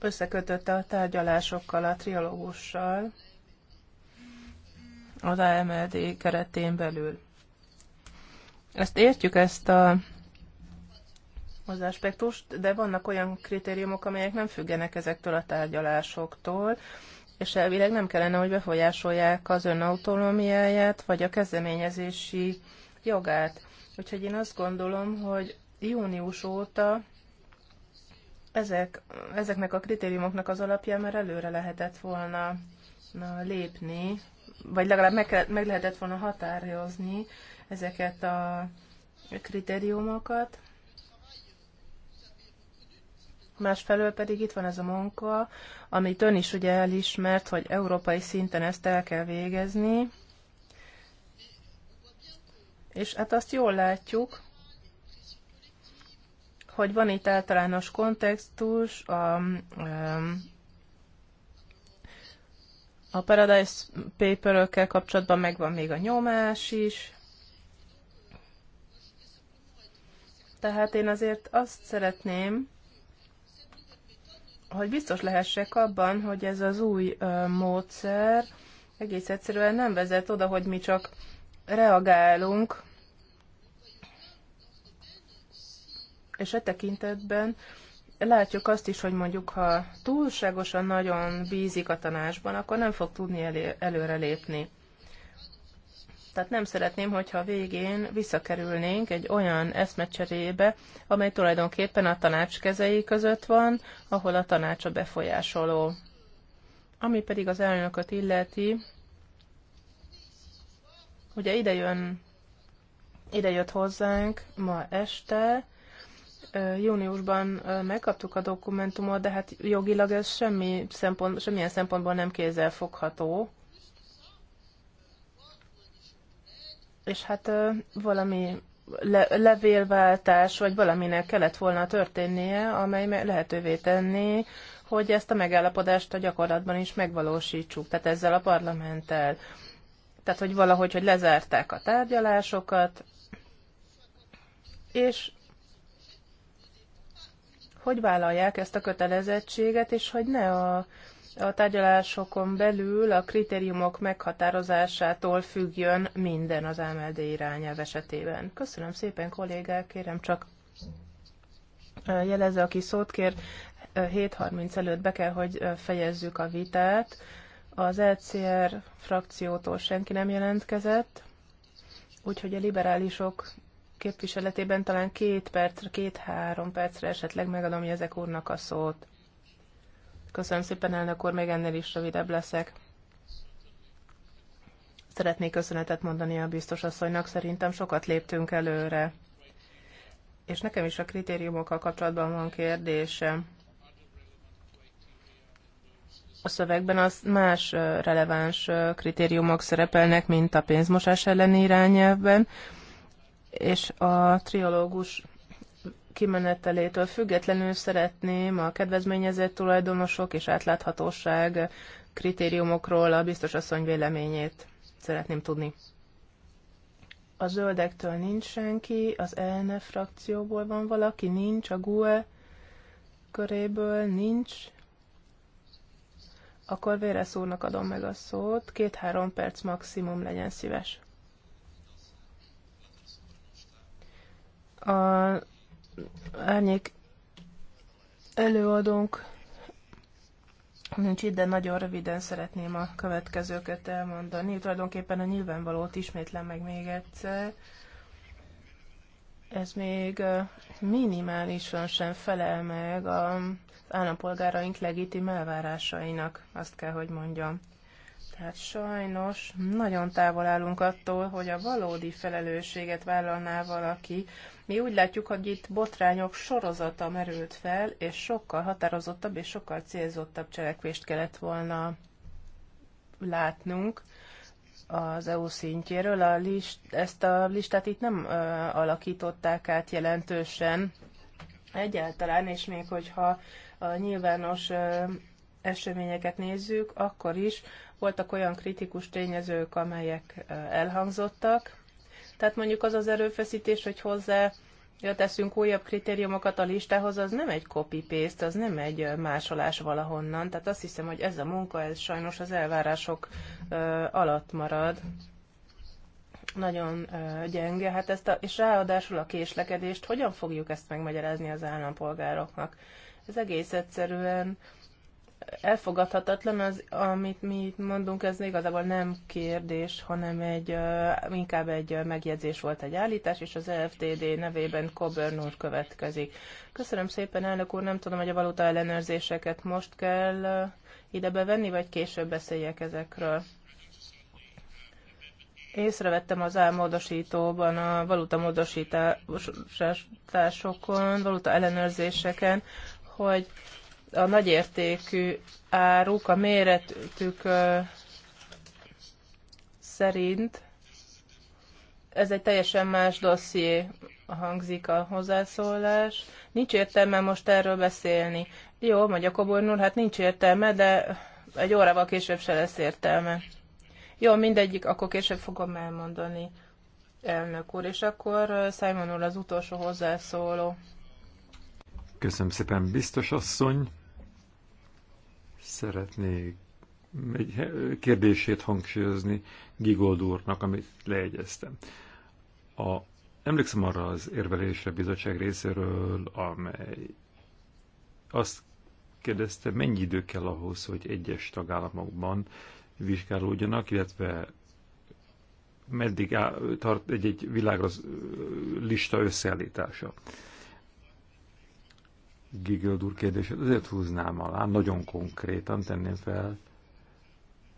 összekötötte a tárgyalásokkal, a trialógussal az AMLD keretén belül. Ezt értjük, ezt a az aspektus, de vannak olyan kritériumok, amelyek nem függenek ezektől a tárgyalásoktól, és elvileg nem kellene, hogy befolyásolják az ön autonómiáját, vagy a kezdeményezési jogát. Úgyhogy én azt gondolom, hogy június óta ezek, ezeknek a kritériumoknak az alapján már előre lehetett volna na, lépni, vagy legalább meg, meg lehetett volna határozni ezeket a kritériumokat, másfelől pedig itt van ez a munka, amit ön is ugye elismert, hogy európai szinten ezt el kell végezni, és hát azt jól látjuk, hogy van itt általános kontextus, a, um, a Paradise paper kapcsolatban megvan még a nyomás is, tehát én azért azt szeretném, hogy biztos lehessek abban, hogy ez az új módszer egész egyszerűen nem vezet oda, hogy mi csak reagálunk, és e tekintetben látjuk azt is, hogy mondjuk ha túlságosan nagyon bízik a tanásban, akkor nem fog tudni elé- előrelépni. Tehát nem szeretném, hogyha a végén visszakerülnénk egy olyan eszmecserébe, amely tulajdonképpen a tanács kezei között van, ahol a tanács a befolyásoló. Ami pedig az elnököt illeti, ugye ide jön, ide jött hozzánk ma este, júniusban megkaptuk a dokumentumot, de hát jogilag ez semmi szempont, semmilyen szempontból nem fogható, és hát valami le- levélváltás, vagy valaminek kellett volna történnie, amely lehetővé tenni, hogy ezt a megállapodást a gyakorlatban is megvalósítsuk, tehát ezzel a parlamenttel. Tehát, hogy valahogy, hogy lezárták a tárgyalásokat, és hogy vállalják ezt a kötelezettséget, és hogy ne a a tárgyalásokon belül a kritériumok meghatározásától függjön minden az MLD irányelv esetében. Köszönöm szépen, kollégák, kérem csak jelezze, aki szót kér, 7.30 előtt be kell, hogy fejezzük a vitát. Az LCR e frakciótól senki nem jelentkezett, úgyhogy a liberálisok képviseletében talán két percre, két-három percre esetleg megadom ezek úrnak a szót. Köszönöm szépen, elnök úr, még ennél is rövidebb leszek. Szeretnék köszönetet mondani a biztos asszonynak, szerintem sokat léptünk előre. És nekem is a kritériumokkal kapcsolatban van kérdésem. A szövegben az más releváns kritériumok szerepelnek, mint a pénzmosás elleni irányelvben, és a triológus kimenetelétől függetlenül szeretném a kedvezményezett tulajdonosok és átláthatóság kritériumokról a biztos asszony véleményét szeretném tudni. A zöldektől nincs senki, az ELNE frakcióból van valaki, nincs, a GUE köréből nincs. Akkor vére szúrnak adom meg a szót, két-három perc maximum legyen szíves. A árnyék előadónk nincs itt, de nagyon röviden szeretném a következőket elmondani. Tulajdonképpen a nyilvánvalót ismétlem meg még egyszer. Ez még minimálisan sem felel meg az állampolgáraink legitim elvárásainak, azt kell, hogy mondjam. Hát sajnos nagyon távol állunk attól, hogy a valódi felelősséget vállalná valaki. Mi úgy látjuk, hogy itt botrányok sorozata merült fel, és sokkal határozottabb és sokkal célzottabb cselekvést kellett volna látnunk az EU szintjéről. A list, ezt a listát itt nem ö, alakították át jelentősen egyáltalán, és még hogyha a nyilvános ö, eseményeket nézzük, akkor is voltak olyan kritikus tényezők, amelyek elhangzottak. Tehát mondjuk az az erőfeszítés, hogy hozzá ja, teszünk újabb kritériumokat a listához, az nem egy copy-paste, az nem egy másolás valahonnan. Tehát azt hiszem, hogy ez a munka, ez sajnos az elvárások alatt marad nagyon gyenge, hát ezt a, és ráadásul a késlekedést, hogyan fogjuk ezt megmagyarázni az állampolgároknak? Ez egész egyszerűen elfogadhatatlan, az, amit mi itt mondunk, ez igazából nem kérdés, hanem egy, inkább egy megjegyzés volt egy állítás, és az FTD nevében Coburn úr következik. Köszönöm szépen, elnök úr, nem tudom, hogy a valuta ellenőrzéseket most kell ide bevenni, vagy később beszéljek ezekről. Észrevettem az álmódosítóban a valuta módosításokon, valuta ellenőrzéseken, hogy a nagyértékű áruk a méretük szerint ez egy teljesen más dosszié, hangzik a hozzászólás. Nincs értelme most erről beszélni. Jó, mondja Kobornul, hát nincs értelme, de egy órával később se lesz értelme. Jó, mindegyik, akkor később fogom elmondani, elnök úr. És akkor Simon úr az utolsó hozzászóló. Köszönöm szépen, biztos asszony. Szeretnék egy kérdését hangsúlyozni Gigold úrnak, amit leegyeztem. A, emlékszem arra az érvelésre bizottság részéről, amely azt kérdezte, mennyi idő kell ahhoz, hogy egyes tagállamokban vizsgálódjanak, illetve meddig áll, tart egy-egy világos lista összeállítása. Gigild úr kérdését azért húznám alá, nagyon konkrétan tenném fel,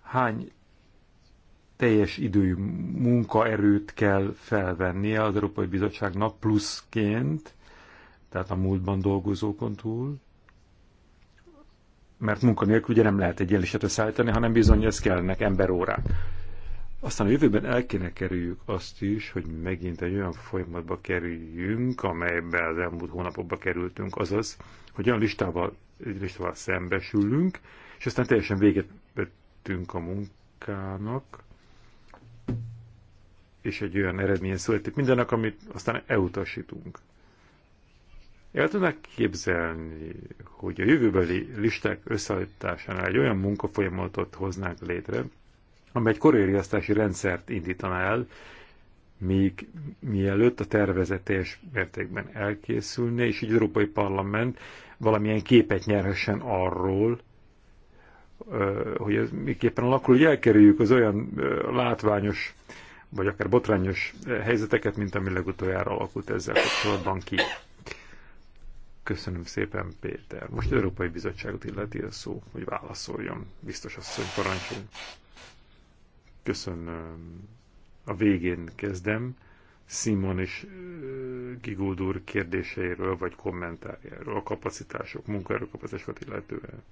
hány teljes idő munkaerőt kell felvennie az Európai Bizottságnak pluszként, tehát a múltban dolgozókon túl, mert munkanélkül ugye nem lehet egy ilyen hanem bizony ez kellene emberórák. Aztán a jövőben el kéne kerüljük azt is, hogy megint egy olyan folyamatba kerüljünk, amelybe az elmúlt hónapokba kerültünk, azaz, hogy olyan listával, listával szembesülünk, és aztán teljesen véget vettünk a munkának, és egy olyan eredmény születik mindennek, amit aztán elutasítunk. El tudnak képzelni, hogy a jövőbeli listák összeállításánál egy olyan munkafolyamatot hoznánk létre, amely egy korériasztási rendszert indítana el, még mielőtt a tervezetés mértékben elkészülne, és így az Európai Parlament valamilyen képet nyerhessen arról, hogy ez miképpen alakul, hogy elkerüljük az olyan látványos vagy akár botrányos helyzeteket, mint ami legutoljára alakult ezzel kapcsolatban ki. Köszönöm szépen, Péter. Most Európai Bizottságot illeti a szó, hogy válaszoljon. Biztos asszony, parancsoljon. Köszönöm. A végén kezdem. Simon és Gigold úr kérdéseiről, vagy kommentárjáról, a kapacitások, munkaerőkapacitásokat illetően.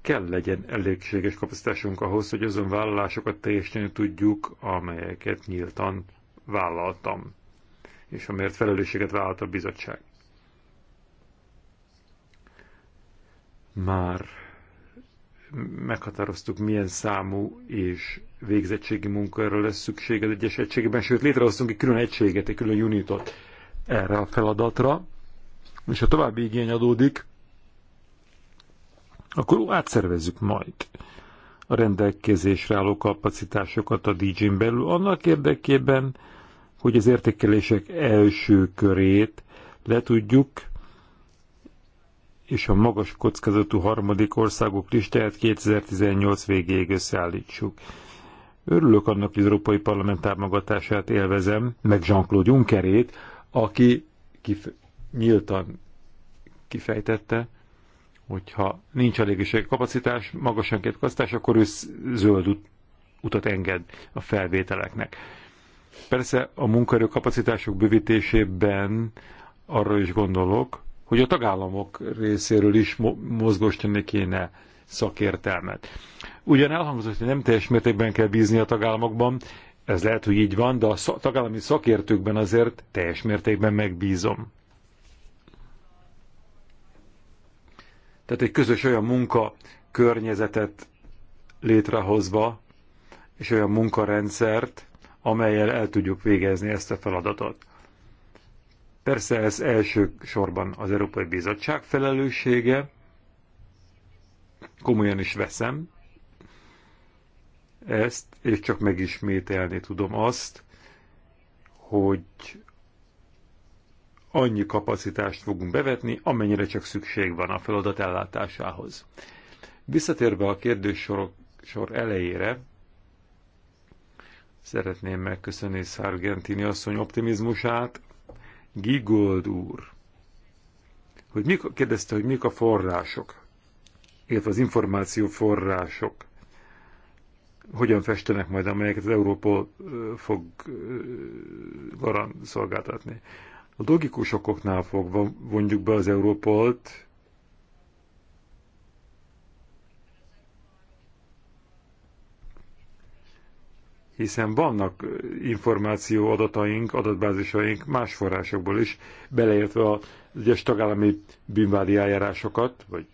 Kell legyen elégséges kapacitásunk ahhoz, hogy azon vállalásokat teljesíteni tudjuk, amelyeket nyíltan vállaltam, és amért felelősséget vállalt a bizottság. már meghatároztuk, milyen számú és végzettségi munkára lesz szükség az egyes egységben, sőt létrehoztunk egy külön egységet, egy külön unitot erre a feladatra, és ha további igény adódik, akkor átszervezzük majd a rendelkezésre álló kapacitásokat a DJ-n belül, annak érdekében, hogy az értékelések első körét le tudjuk és a magas kockázatú harmadik országok listáját 2018 végéig összeállítsuk. Örülök annak, hogy az Európai Parlament támogatását élvezem, meg Jean-Claude Junckerét, aki kif- nyíltan kifejtette, hogyha nincs elég kapacitás, magasan két kasztás, akkor ő zöld ut- utat enged a felvételeknek. Persze a kapacitások bővítésében arra is gondolok, hogy a tagállamok részéről is mozgósítani kéne szakértelmet. Ugyan elhangzott, hogy nem teljes mértékben kell bízni a tagállamokban, ez lehet, hogy így van, de a tagállami szakértőkben azért teljes mértékben megbízom. Tehát egy közös olyan munka környezetet létrehozva, és olyan munkarendszert, amelyel el tudjuk végezni ezt a feladatot. Persze ez első sorban az Európai Bizottság felelőssége, komolyan is veszem ezt, és csak megismételni tudom azt, hogy annyi kapacitást fogunk bevetni, amennyire csak szükség van a feladat ellátásához. Visszatérve a kérdéssor sor elejére, szeretném megköszönni Sargentini asszony optimizmusát, Gigold úr, hogy mik, kérdezte, hogy mik a források, illetve az információ források, hogyan festenek majd, amelyeket az Európol fog garant szolgáltatni. A logikus okoknál fogva vonjuk be az Európolt, hiszen vannak információ adataink, adatbázisaink más forrásokból is, beleértve az egyes tagállami bűnvádi eljárásokat, vagy,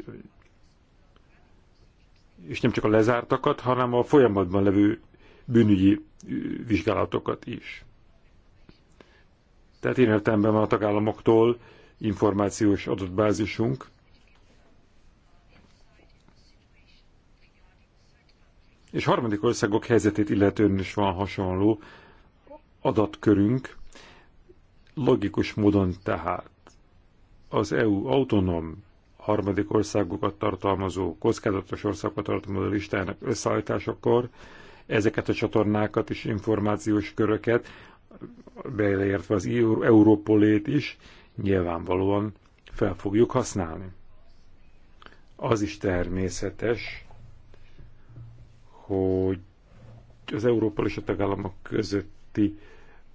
és nem csak a lezártakat, hanem a folyamatban levő bűnügyi vizsgálatokat is. Tehát én értemben a tagállamoktól információs adatbázisunk, és harmadik országok helyzetét illetően is van hasonló adatkörünk. Logikus módon tehát az EU autonóm harmadik országokat tartalmazó, kockázatos országokat tartalmazó listájának összeállításakor ezeket a csatornákat és információs köröket, beleértve az Európolét is, nyilvánvalóan fel fogjuk használni. Az is természetes, hogy az Európa és a tagállamok közötti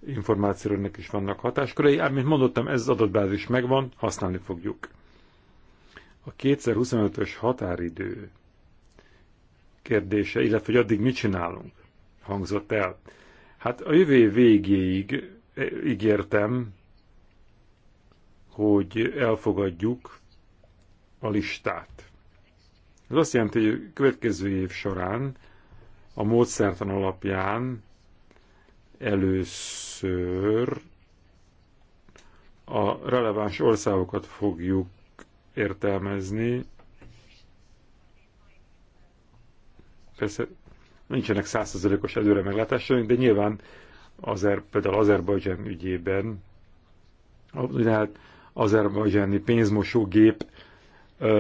információnak is vannak hatáskörei, ám mint mondottam, ez az adatbázis megvan, használni fogjuk. A 2025-ös határidő kérdése, illetve hogy addig mit csinálunk, hangzott el. Hát a jövő év végéig e, ígértem, hogy elfogadjuk a listát. Ez azt jelenti, hogy a következő év során a módszertan alapján először a releváns országokat fogjuk értelmezni. Persze nincsenek százszerzelékos előre meglátásaink, de nyilván Azer, például Azerbajdzsán ügyében, tehát azerbajdzsáni pénzmosógép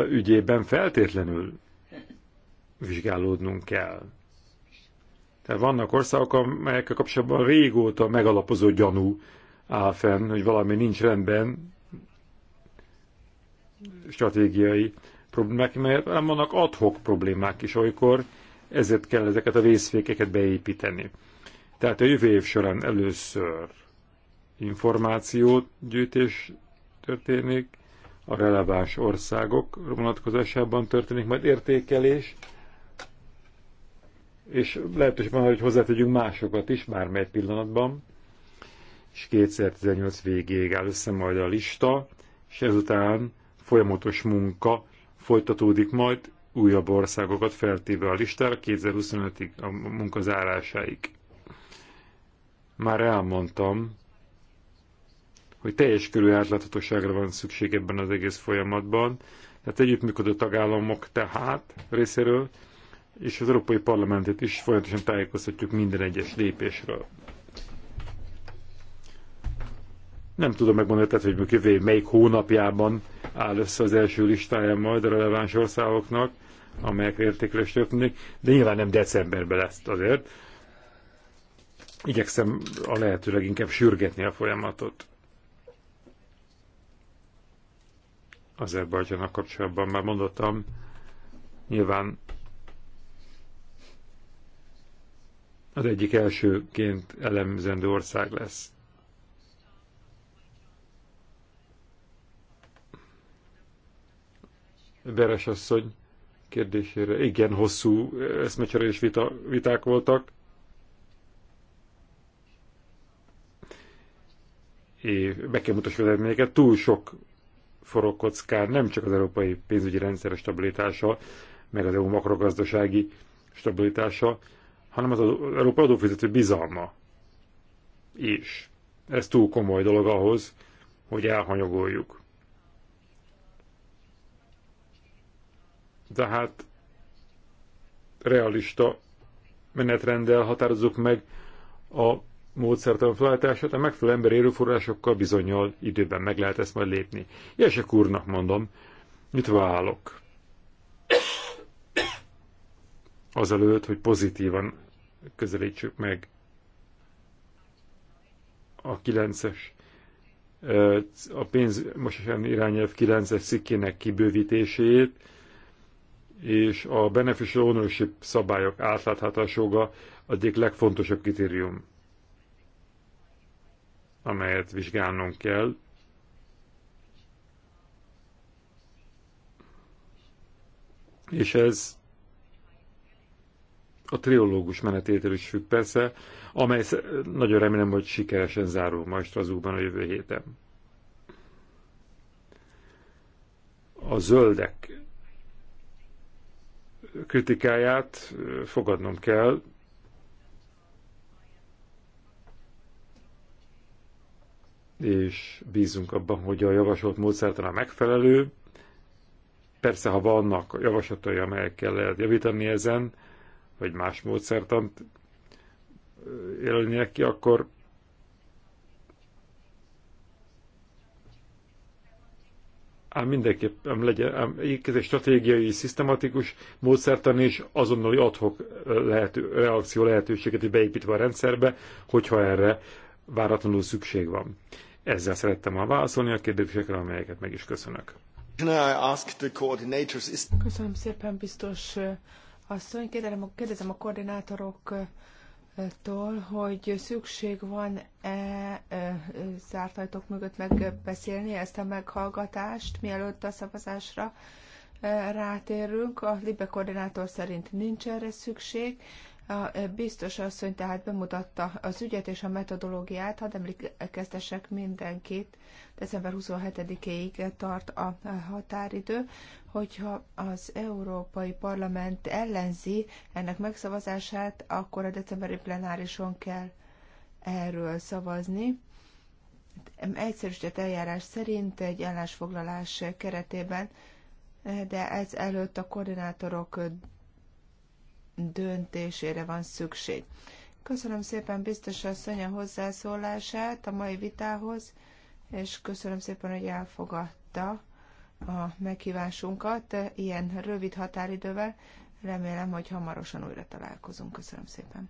ügyében feltétlenül vizsgálódnunk kell. Tehát vannak országok, amelyekkel kapcsolatban régóta megalapozó gyanú áll fenn, hogy valami nincs rendben, stratégiai problémák, mert vannak adhok problémák is olykor, ezért kell ezeket a részfékeket beépíteni. Tehát a jövő év során először információt gyűjtés történik, a releváns országok vonatkozásában történik majd értékelés, és lehetőség van, hogy hozzátegyünk másokat is, bármely pillanatban, és 2018 végéig áll össze majd a lista, és ezután folyamatos munka folytatódik majd, újabb országokat feltéve a listára 2025-ig, a munka zárásáig. Már elmondtam, hogy teljes körű átláthatóságra van szükség ebben az egész folyamatban, tehát együttműködő tagállamok tehát részéről, és az Európai Parlamentet is folyamatosan tájékoztatjuk minden egyes lépésről. Nem tudom megmondani, tehát, hogy jövő melyik hónapjában áll össze az első listája majd a releváns országoknak, amelyek értékelés történik, de nyilván nem decemberben lesz azért. Igyekszem a lehetőleg inkább sürgetni a folyamatot. Azerbajdzsának kapcsolatban már mondottam, nyilván az egyik elsőként elemzendő ország lesz. Beres asszony kérdésére. Igen, hosszú eszmecserés vita, viták voltak. És be kell mutasni az eredményeket. Túl sok forog kockán, nem csak az európai pénzügyi rendszer stabilitása, meg az EU makrogazdasági stabilitása, hanem az Európa adófizető bizalma is. Ez túl komoly dolog ahhoz, hogy elhanyagoljuk. De hát realista menetrenddel határozzuk meg a módszertan felállítását, a megfelelő emberi erőforrásokkal bizonyal időben meg lehet ezt majd lépni. Ilyesek úrnak mondom, mit válok? Azelőtt, hogy pozitívan közelítsük meg a 9-es, a pénz most irányelv 9-es szikének kibővítését, és a beneficial ownership szabályok átláthatósága egyik legfontosabb kritérium, amelyet vizsgálnunk kell. És ez a triológus menetétől is függ persze, amely nagyon remélem, hogy sikeresen zárul majd Strasbourgban a jövő héten. A zöldek kritikáját fogadnom kell. És bízunk abban, hogy a javasolt módszertan a megfelelő. Persze, ha vannak javaslatai, amelyekkel lehet javítani ezen, vagy más módszertant élnie ki, akkor ám mindenképp ám legyen, ám egy stratégiai, szisztematikus módszertan és azonnali adhok lehető, reakció lehetőséget is beépítve a rendszerbe, hogyha erre váratlanul szükség van. Ezzel szerettem volna válaszolni a kérdésekre, amelyeket meg is köszönök. Köszönöm szépen, biztos asszony, kérdezem a koordinátoroktól, hogy szükség van-e zárt ajtók mögött megbeszélni ezt a meghallgatást, mielőtt a szavazásra rátérünk. A LIBE koordinátor szerint nincs erre szükség. A biztos asszony tehát bemutatta az ügyet és a metodológiát, hadd emlékeztessek mindenkit, december 27-ig tart a határidő, hogyha az Európai Parlament ellenzi ennek megszavazását, akkor a decemberi plenárison kell erről szavazni. Egyszerűsített eljárás szerint egy állásfoglalás keretében, de ez előtt a koordinátorok döntésére van szükség. Köszönöm szépen biztos asszony a hozzászólását a mai vitához, és köszönöm szépen, hogy elfogadta a meghívásunkat ilyen rövid határidővel. Remélem, hogy hamarosan újra találkozunk. Köszönöm szépen.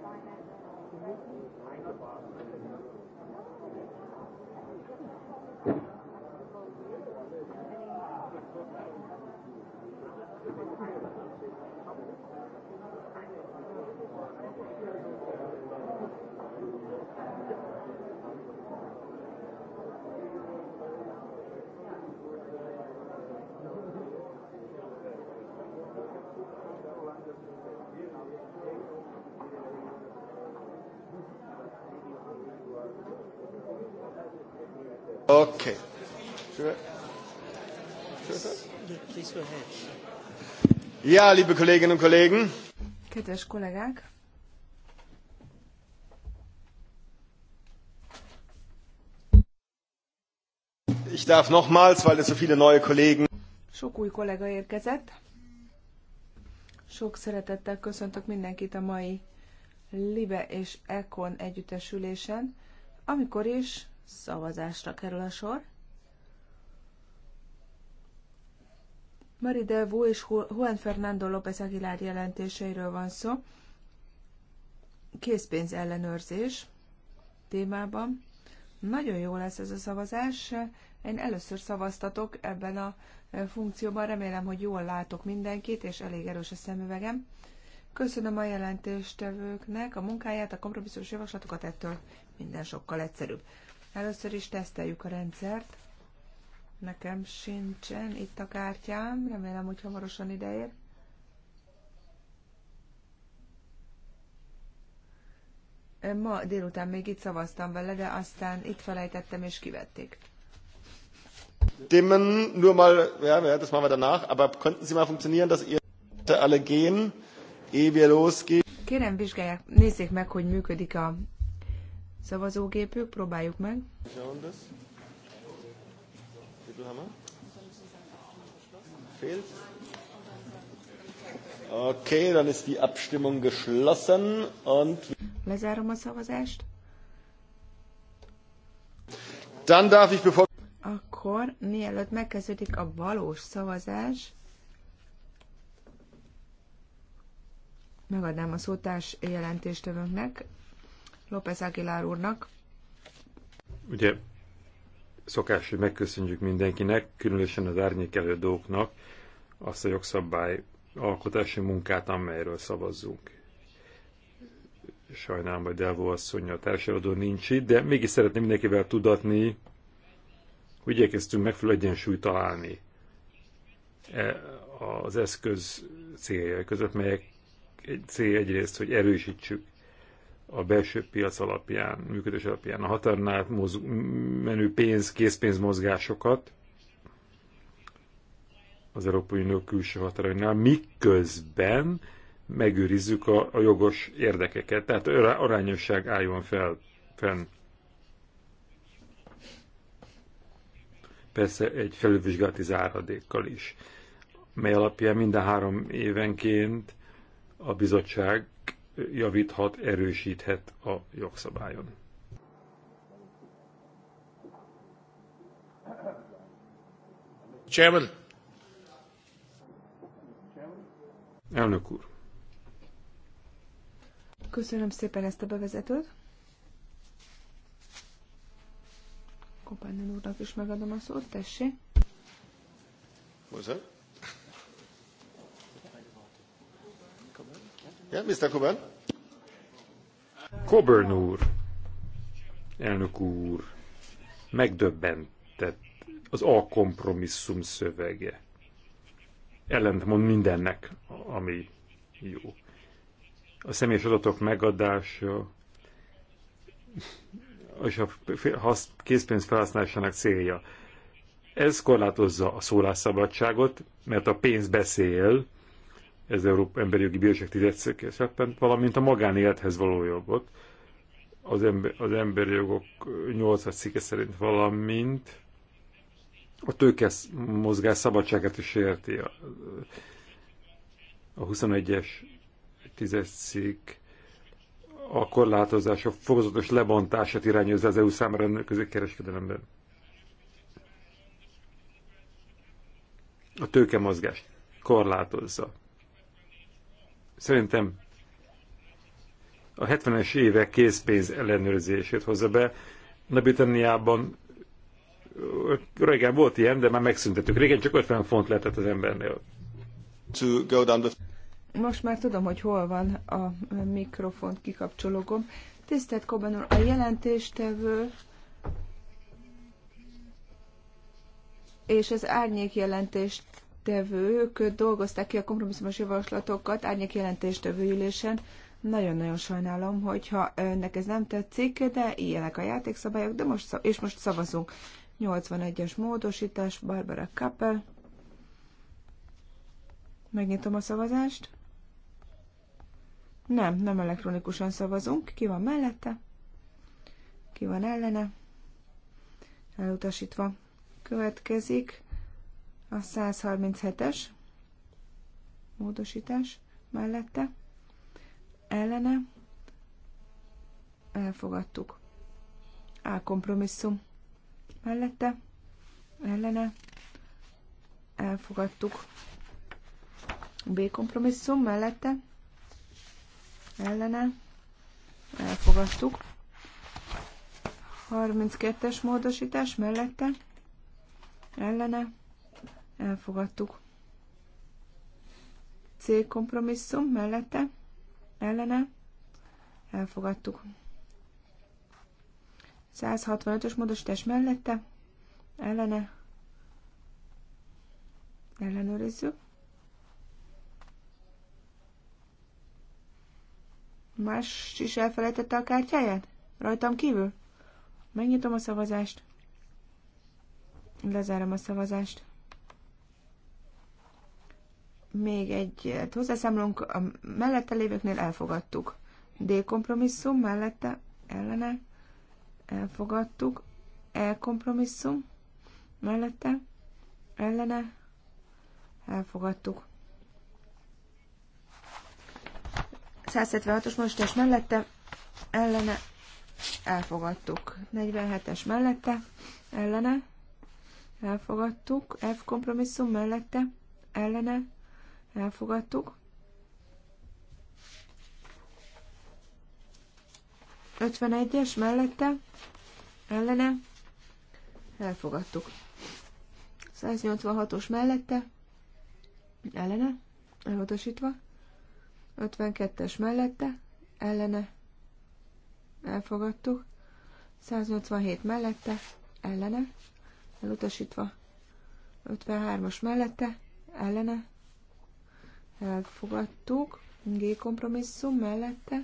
Why not? Okay. Ja, liebe Kolleginnen und Kollegen. Kedves kollégák! Ich darf nochmals, weil es so viele neue Kollegen. Sok új kollega érkezett. Sok szeretettel köszöntök mindenkit a mai Libe és Econ együttesülésen, amikor is szavazásra kerül a sor. Maridelvo és Juan Fernando López Aguilar jelentéseiről van szó. Készpénz ellenőrzés témában. Nagyon jó lesz ez a szavazás. Én először szavaztatok ebben a e, funkcióban. Remélem, hogy jól látok mindenkit, és elég erős a szemüvegem. Köszönöm a jelentéstevőknek a munkáját, a kompromisszós javaslatokat, ettől minden sokkal egyszerűbb. Először is teszteljük a rendszert. Nekem sincsen itt a kártyám, remélem, hogy hamarosan ideér. Ma délután még itt szavaztam vele, de aztán itt felejtettem és kivették. Dimmen, nur mal, ja, ja, das machen wir danach, aber konnten Sie mal funktionieren, dass ihr alle gehen, ehe wir losgehen? Kérem, vizsgálják, nézzék meg, hogy működik a szavazógépük, próbáljuk meg. Okay, dann ist die Abstimmung geschlossen und Lezárom a szavazást. Dann darf ich bevor Akkor, mielőtt megkezdődik a valós szavazás, megadnám a szótás jelentéstevőnknek, López Aguilar úrnak. Ugye szokás, hogy megköszönjük mindenkinek, különösen az árnyékelődóknak azt a jogszabály alkotási munkát, amelyről szavazzunk. Sajnálom, hogy Delvo asszony a társadalmadó nincs itt, de mégis szeretném mindenkivel tudatni, hogy igyekeztünk megfelelő egyensúlyt találni e az eszköz céljai között, melyek cél egyrészt, hogy erősítsük a belső piac alapján, működés alapján a határnál moz, menő pénz, készpénzmozgásokat az Európai Unió külső határainál, miközben megőrizzük a, a jogos érdekeket, tehát arányosság álljon fel, fenn. Persze egy felülvizsgálati záradékkal is, mely alapján minden három évenként a bizottság javíthat, erősíthet a jogszabályon. Chairman. Elnök úr. Köszönöm szépen ezt a bevezetőt. Kopányan úrnak is megadom a szót, tessék. Coburn úr, elnök úr, megdöbbentett az A kompromisszum szövege. Ellentmond mindennek, ami jó. A személyes adatok megadása és a készpénz felhasználásának célja. Ez korlátozza a szólásszabadságot, mert a pénz beszél, ez Európa Emberi Jogi Bíróság 10 valamint a magánélethez való jogot, az, ember, az emberi jogok 8 cikke szerint, valamint a tőkesz mozgás szabadságát is érti. A, a 21-es 10 cikk a korlátozások fokozatos lebontását irányozza az EU számára a kereskedelemben. A tőkemozgást korlátozza. Szerintem a 70-es évek készpénz ellenőrzését hozza be. Nagy-Britanniában régen volt ilyen, de már megszüntettük. Régen csak 50 font lehetett az embernél. To go down the... Most már tudom, hogy hol van a mikrofont kikapcsologom. Tisztelt Koban úr, a jelentéstevő és az árnyék jelentést jelentéstevők dolgozták ki a kompromisszumos javaslatokat árnyék jelentéstevő ülésen. Nagyon-nagyon sajnálom, hogyha önnek ez nem tetszik, de ilyenek a játékszabályok, de most, és most szavazunk. 81-es módosítás, Barbara Kappel. Megnyitom a szavazást. Nem, nem elektronikusan szavazunk. Ki van mellette? Ki van ellene? Elutasítva. Következik a 137-es módosítás mellette, ellene elfogadtuk. A kompromisszum mellette, ellene elfogadtuk. B kompromisszum mellette, ellene elfogadtuk. 32-es módosítás mellette, ellene elfogadtuk. C kompromisszum mellette, ellene, elfogadtuk. 165-ös módosítás mellette, ellene, ellenőrizzük. Más is elfelejtette a kártyáját? Rajtam kívül? Megnyitom a szavazást. Lezárom a szavazást még egy. hozzászámolunk, a mellette lévőknél elfogadtuk. D kompromisszum mellette ellene elfogadtuk. E kompromisszum mellette ellene elfogadtuk. 176-os mostás mellette ellene elfogadtuk. 47-es mellette ellene elfogadtuk. F kompromisszum mellette ellene elfogadtuk. 51-es mellette, ellene, elfogadtuk. 186-os mellette, ellene, elutasítva. 52-es mellette, ellene, elfogadtuk. 187 mellette, ellene, elutasítva. 53-as mellette, ellene, elfogadtuk. G kompromisszum mellette,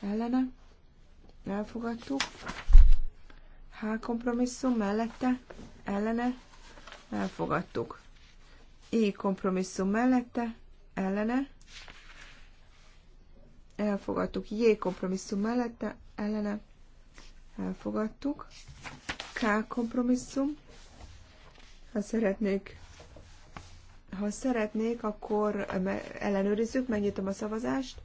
ellene, elfogadtuk. H kompromisszum mellette, ellene, elfogadtuk. I kompromisszum mellette, ellene, elfogadtuk. J kompromisszum mellette, ellene, elfogadtuk. K kompromisszum. Ha szeretnék ha szeretnék, akkor ellenőrizzük, megnyitom a szavazást.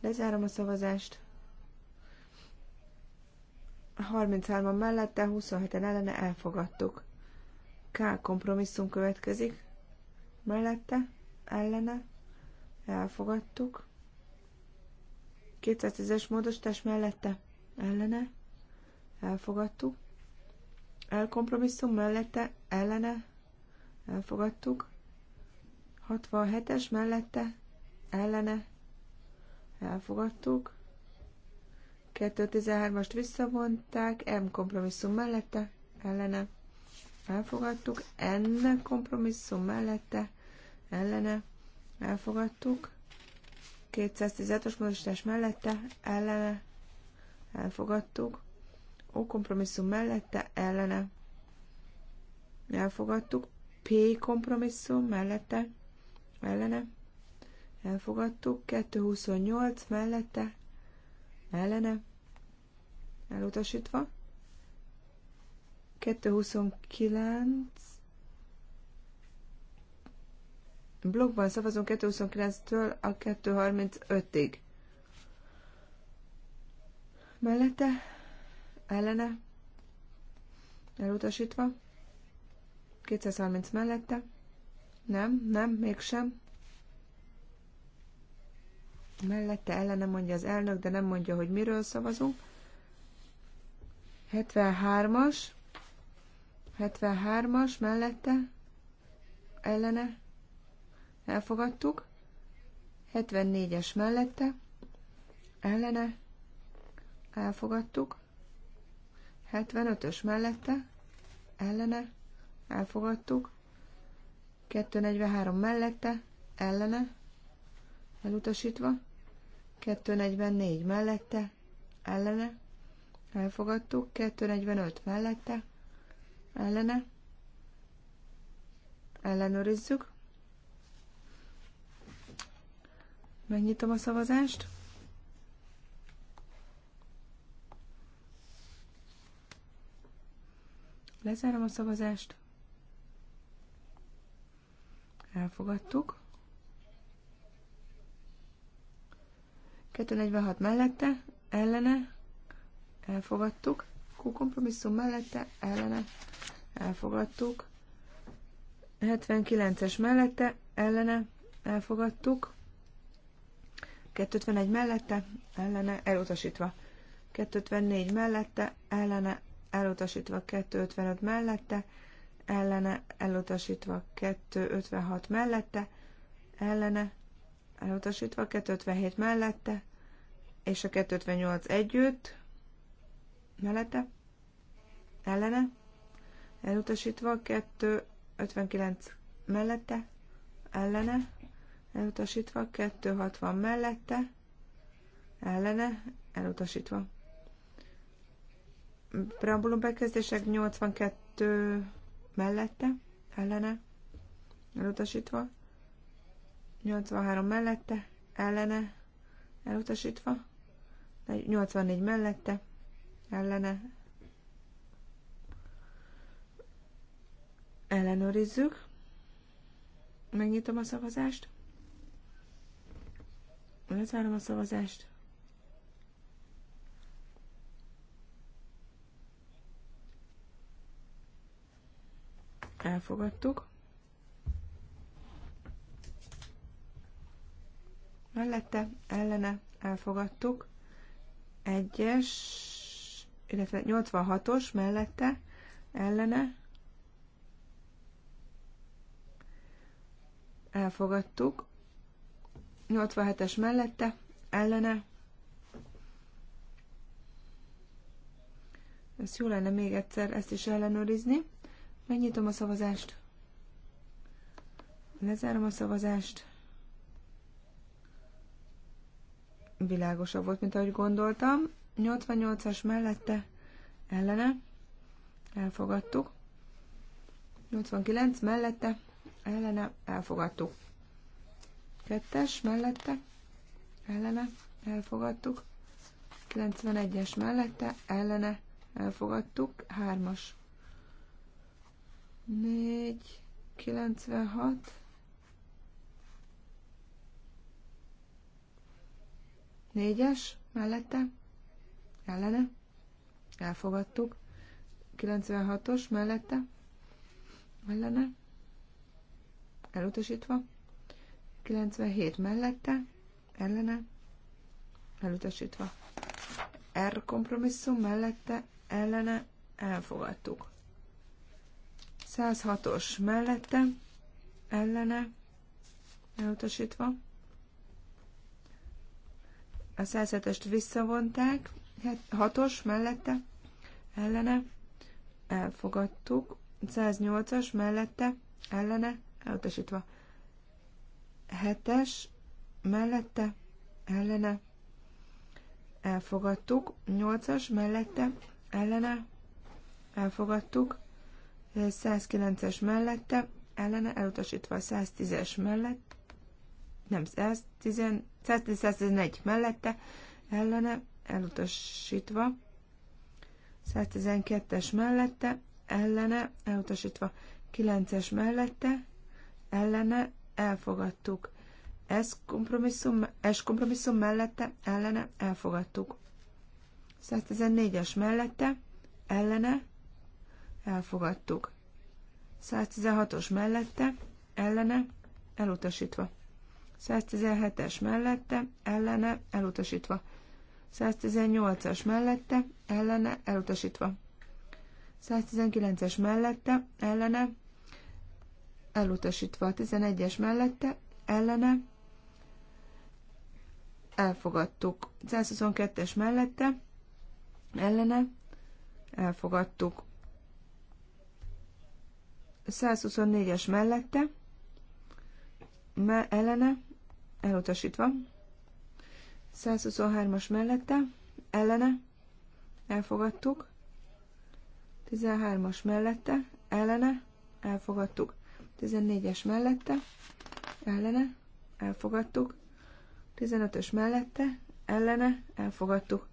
Lezárom a szavazást. 33-an mellette, 27-en ellene elfogadtuk. K kompromisszum következik. Mellette, ellene, elfogadtuk. 210-es módosítás mellette, ellene, elfogadtuk elkompromisszum mellette ellene elfogadtuk. 67-es mellette ellene elfogadtuk. 213-ast visszavonták, M kompromisszum mellette ellene elfogadtuk. N kompromisszum mellette ellene elfogadtuk. 215-ös módosítás mellette ellene elfogadtuk. O kompromisszum mellette ellene elfogadtuk. P kompromisszum mellette ellene elfogadtuk. 228 mellette ellene elutasítva. 229 blogban szavazunk 229-től a 235-ig. Mellette ellene, elutasítva, 230 mellette, nem, nem, mégsem, mellette ellene mondja az elnök, de nem mondja, hogy miről szavazunk, 73-as, 73-as mellette, ellene, elfogadtuk, 74-es mellette, ellene, elfogadtuk, 75-ös mellette, ellene, elfogadtuk. 243 mellette, ellene, elutasítva. 244 mellette, ellene, elfogadtuk. 245 mellette, ellene, ellenőrizzük. Megnyitom a szavazást. Lezárom a szavazást. Elfogadtuk. 246 mellette, ellene, elfogadtuk. Q kompromisszum mellette, ellene, elfogadtuk. 79-es mellette, ellene, elfogadtuk. 251 mellette, ellene, elutasítva. 254 mellette, ellene, elutasítva 255 mellette, ellene elutasítva 256 mellette, ellene elutasítva 257 mellette, és a 258 együtt, mellette, ellene, elutasítva 259 mellette, ellene, elutasítva 260 mellette, ellene, elutasítva preambulum bekezdések 82 mellette, ellene, elutasítva, 83 mellette, ellene, elutasítva, 84 mellette, ellene, ellenőrizzük, megnyitom a szavazást, lezárom a szavazást, elfogadtuk. Mellette, ellene, elfogadtuk. Egyes, illetve 86-os mellette, ellene, elfogadtuk. 87-es mellette, ellene. ez jó lenne még egyszer ezt is ellenőrizni. Megnyitom a szavazást. Lezárom a szavazást. Világosabb volt, mint ahogy gondoltam. 88-as mellette ellene. Elfogadtuk. 89 mellette ellene. Elfogadtuk. Kettes mellette ellene. Elfogadtuk. 91-es mellette ellene. Elfogadtuk. 3-as 4, 96. Négyes, mellette, ellene, elfogadtuk. 96-os, mellette, ellene, elutasítva. 97 mellette, ellene, elutasítva. R kompromisszum mellette, ellene, elfogadtuk. 106-os mellette, ellene, elutasítva. A 107-est visszavonták, 6-os mellette, ellene, elfogadtuk. 108-as mellette, ellene, elutasítva. 7-es mellette, ellene, elfogadtuk. 8-as mellette, ellene, elfogadtuk. 109-es mellette, ellene elutasítva a 110-es mellett, nem 111 mellette, ellene elutasítva, 112-es mellette, ellene elutasítva, 9-es mellette, ellene elfogadtuk. Ez kompromisszum, ez kompromisszum mellette, ellene elfogadtuk. 114-es mellette, ellene elfogadtuk. 116-os mellette, ellene, elutasítva. 117-es mellette, ellene, elutasítva. 118-as mellette, ellene, elutasítva. 119-es mellette, ellene, elutasítva. 11-es mellette, ellene, elfogadtuk. 122-es mellette, ellene, elfogadtuk. 124-es mellette, me ellene, elutasítva. 123-as mellette, ellene, elfogadtuk. 13-as mellette, ellene, elfogadtuk. 14-es mellette, ellene, elfogadtuk. 15-ös mellette, ellene, elfogadtuk.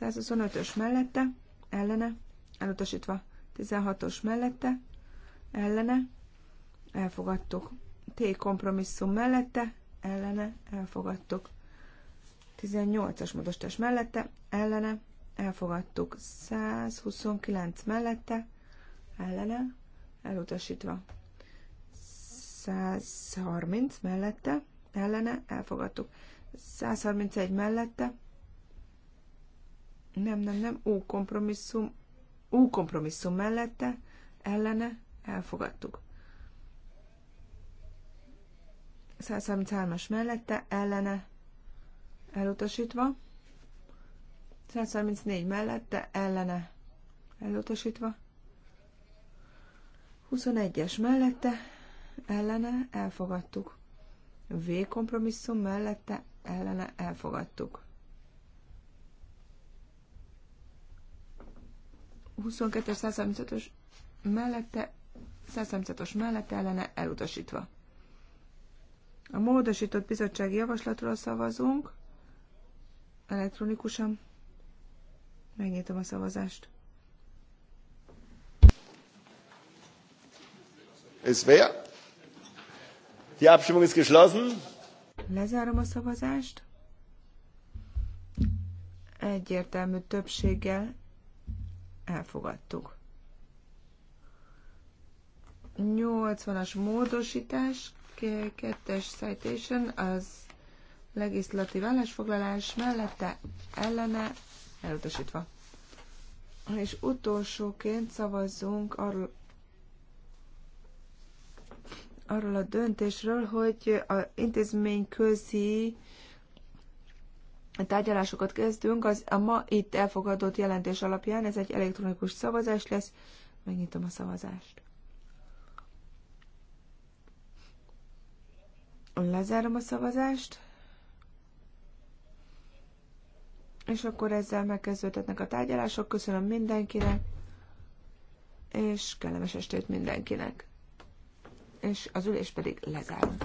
125-ös mellette, ellene, elutasítva. 16-os mellette, ellene, elfogadtuk. T kompromisszum mellette, ellene, elfogadtuk. 18-as módosítás mellette, ellene, elfogadtuk. 129 mellette, ellene, elutasítva. 130 mellette, ellene, elfogadtuk. 131 mellette, nem, nem, nem, U kompromisszum, U kompromisszum mellette, ellene, elfogadtuk. 133-as mellette, ellene, elutasítva. 134 mellette, ellene, elutasítva. 21-es mellette, ellene, elfogadtuk. V kompromisszum mellette, ellene, elfogadtuk. 22-135-ös mellette, szeszemcetos mellett ellene elutasítva. A módosított bizottsági javaslatról szavazunk elektronikusan. Megnyitom a szavazást. ez wer? Die Abstimmung ist geschlossen. Lezárom a szavazást. Egyértelmű többséggel elfogadtuk. 80-as módosítás, kettes citation, az legislatív állásfoglalás mellette ellene elutasítva. És utolsóként szavazzunk arról, arról a döntésről, hogy az intézmény közi tárgyalásokat kezdünk. Az, a ma itt elfogadott jelentés alapján ez egy elektronikus szavazás lesz. Megnyitom a szavazást. Lezárom a szavazást. És akkor ezzel megkezdődhetnek a tárgyalások. Köszönöm mindenkinek, és kellemes estét mindenkinek. És az ülés pedig lezárom.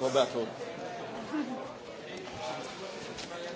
Roberto.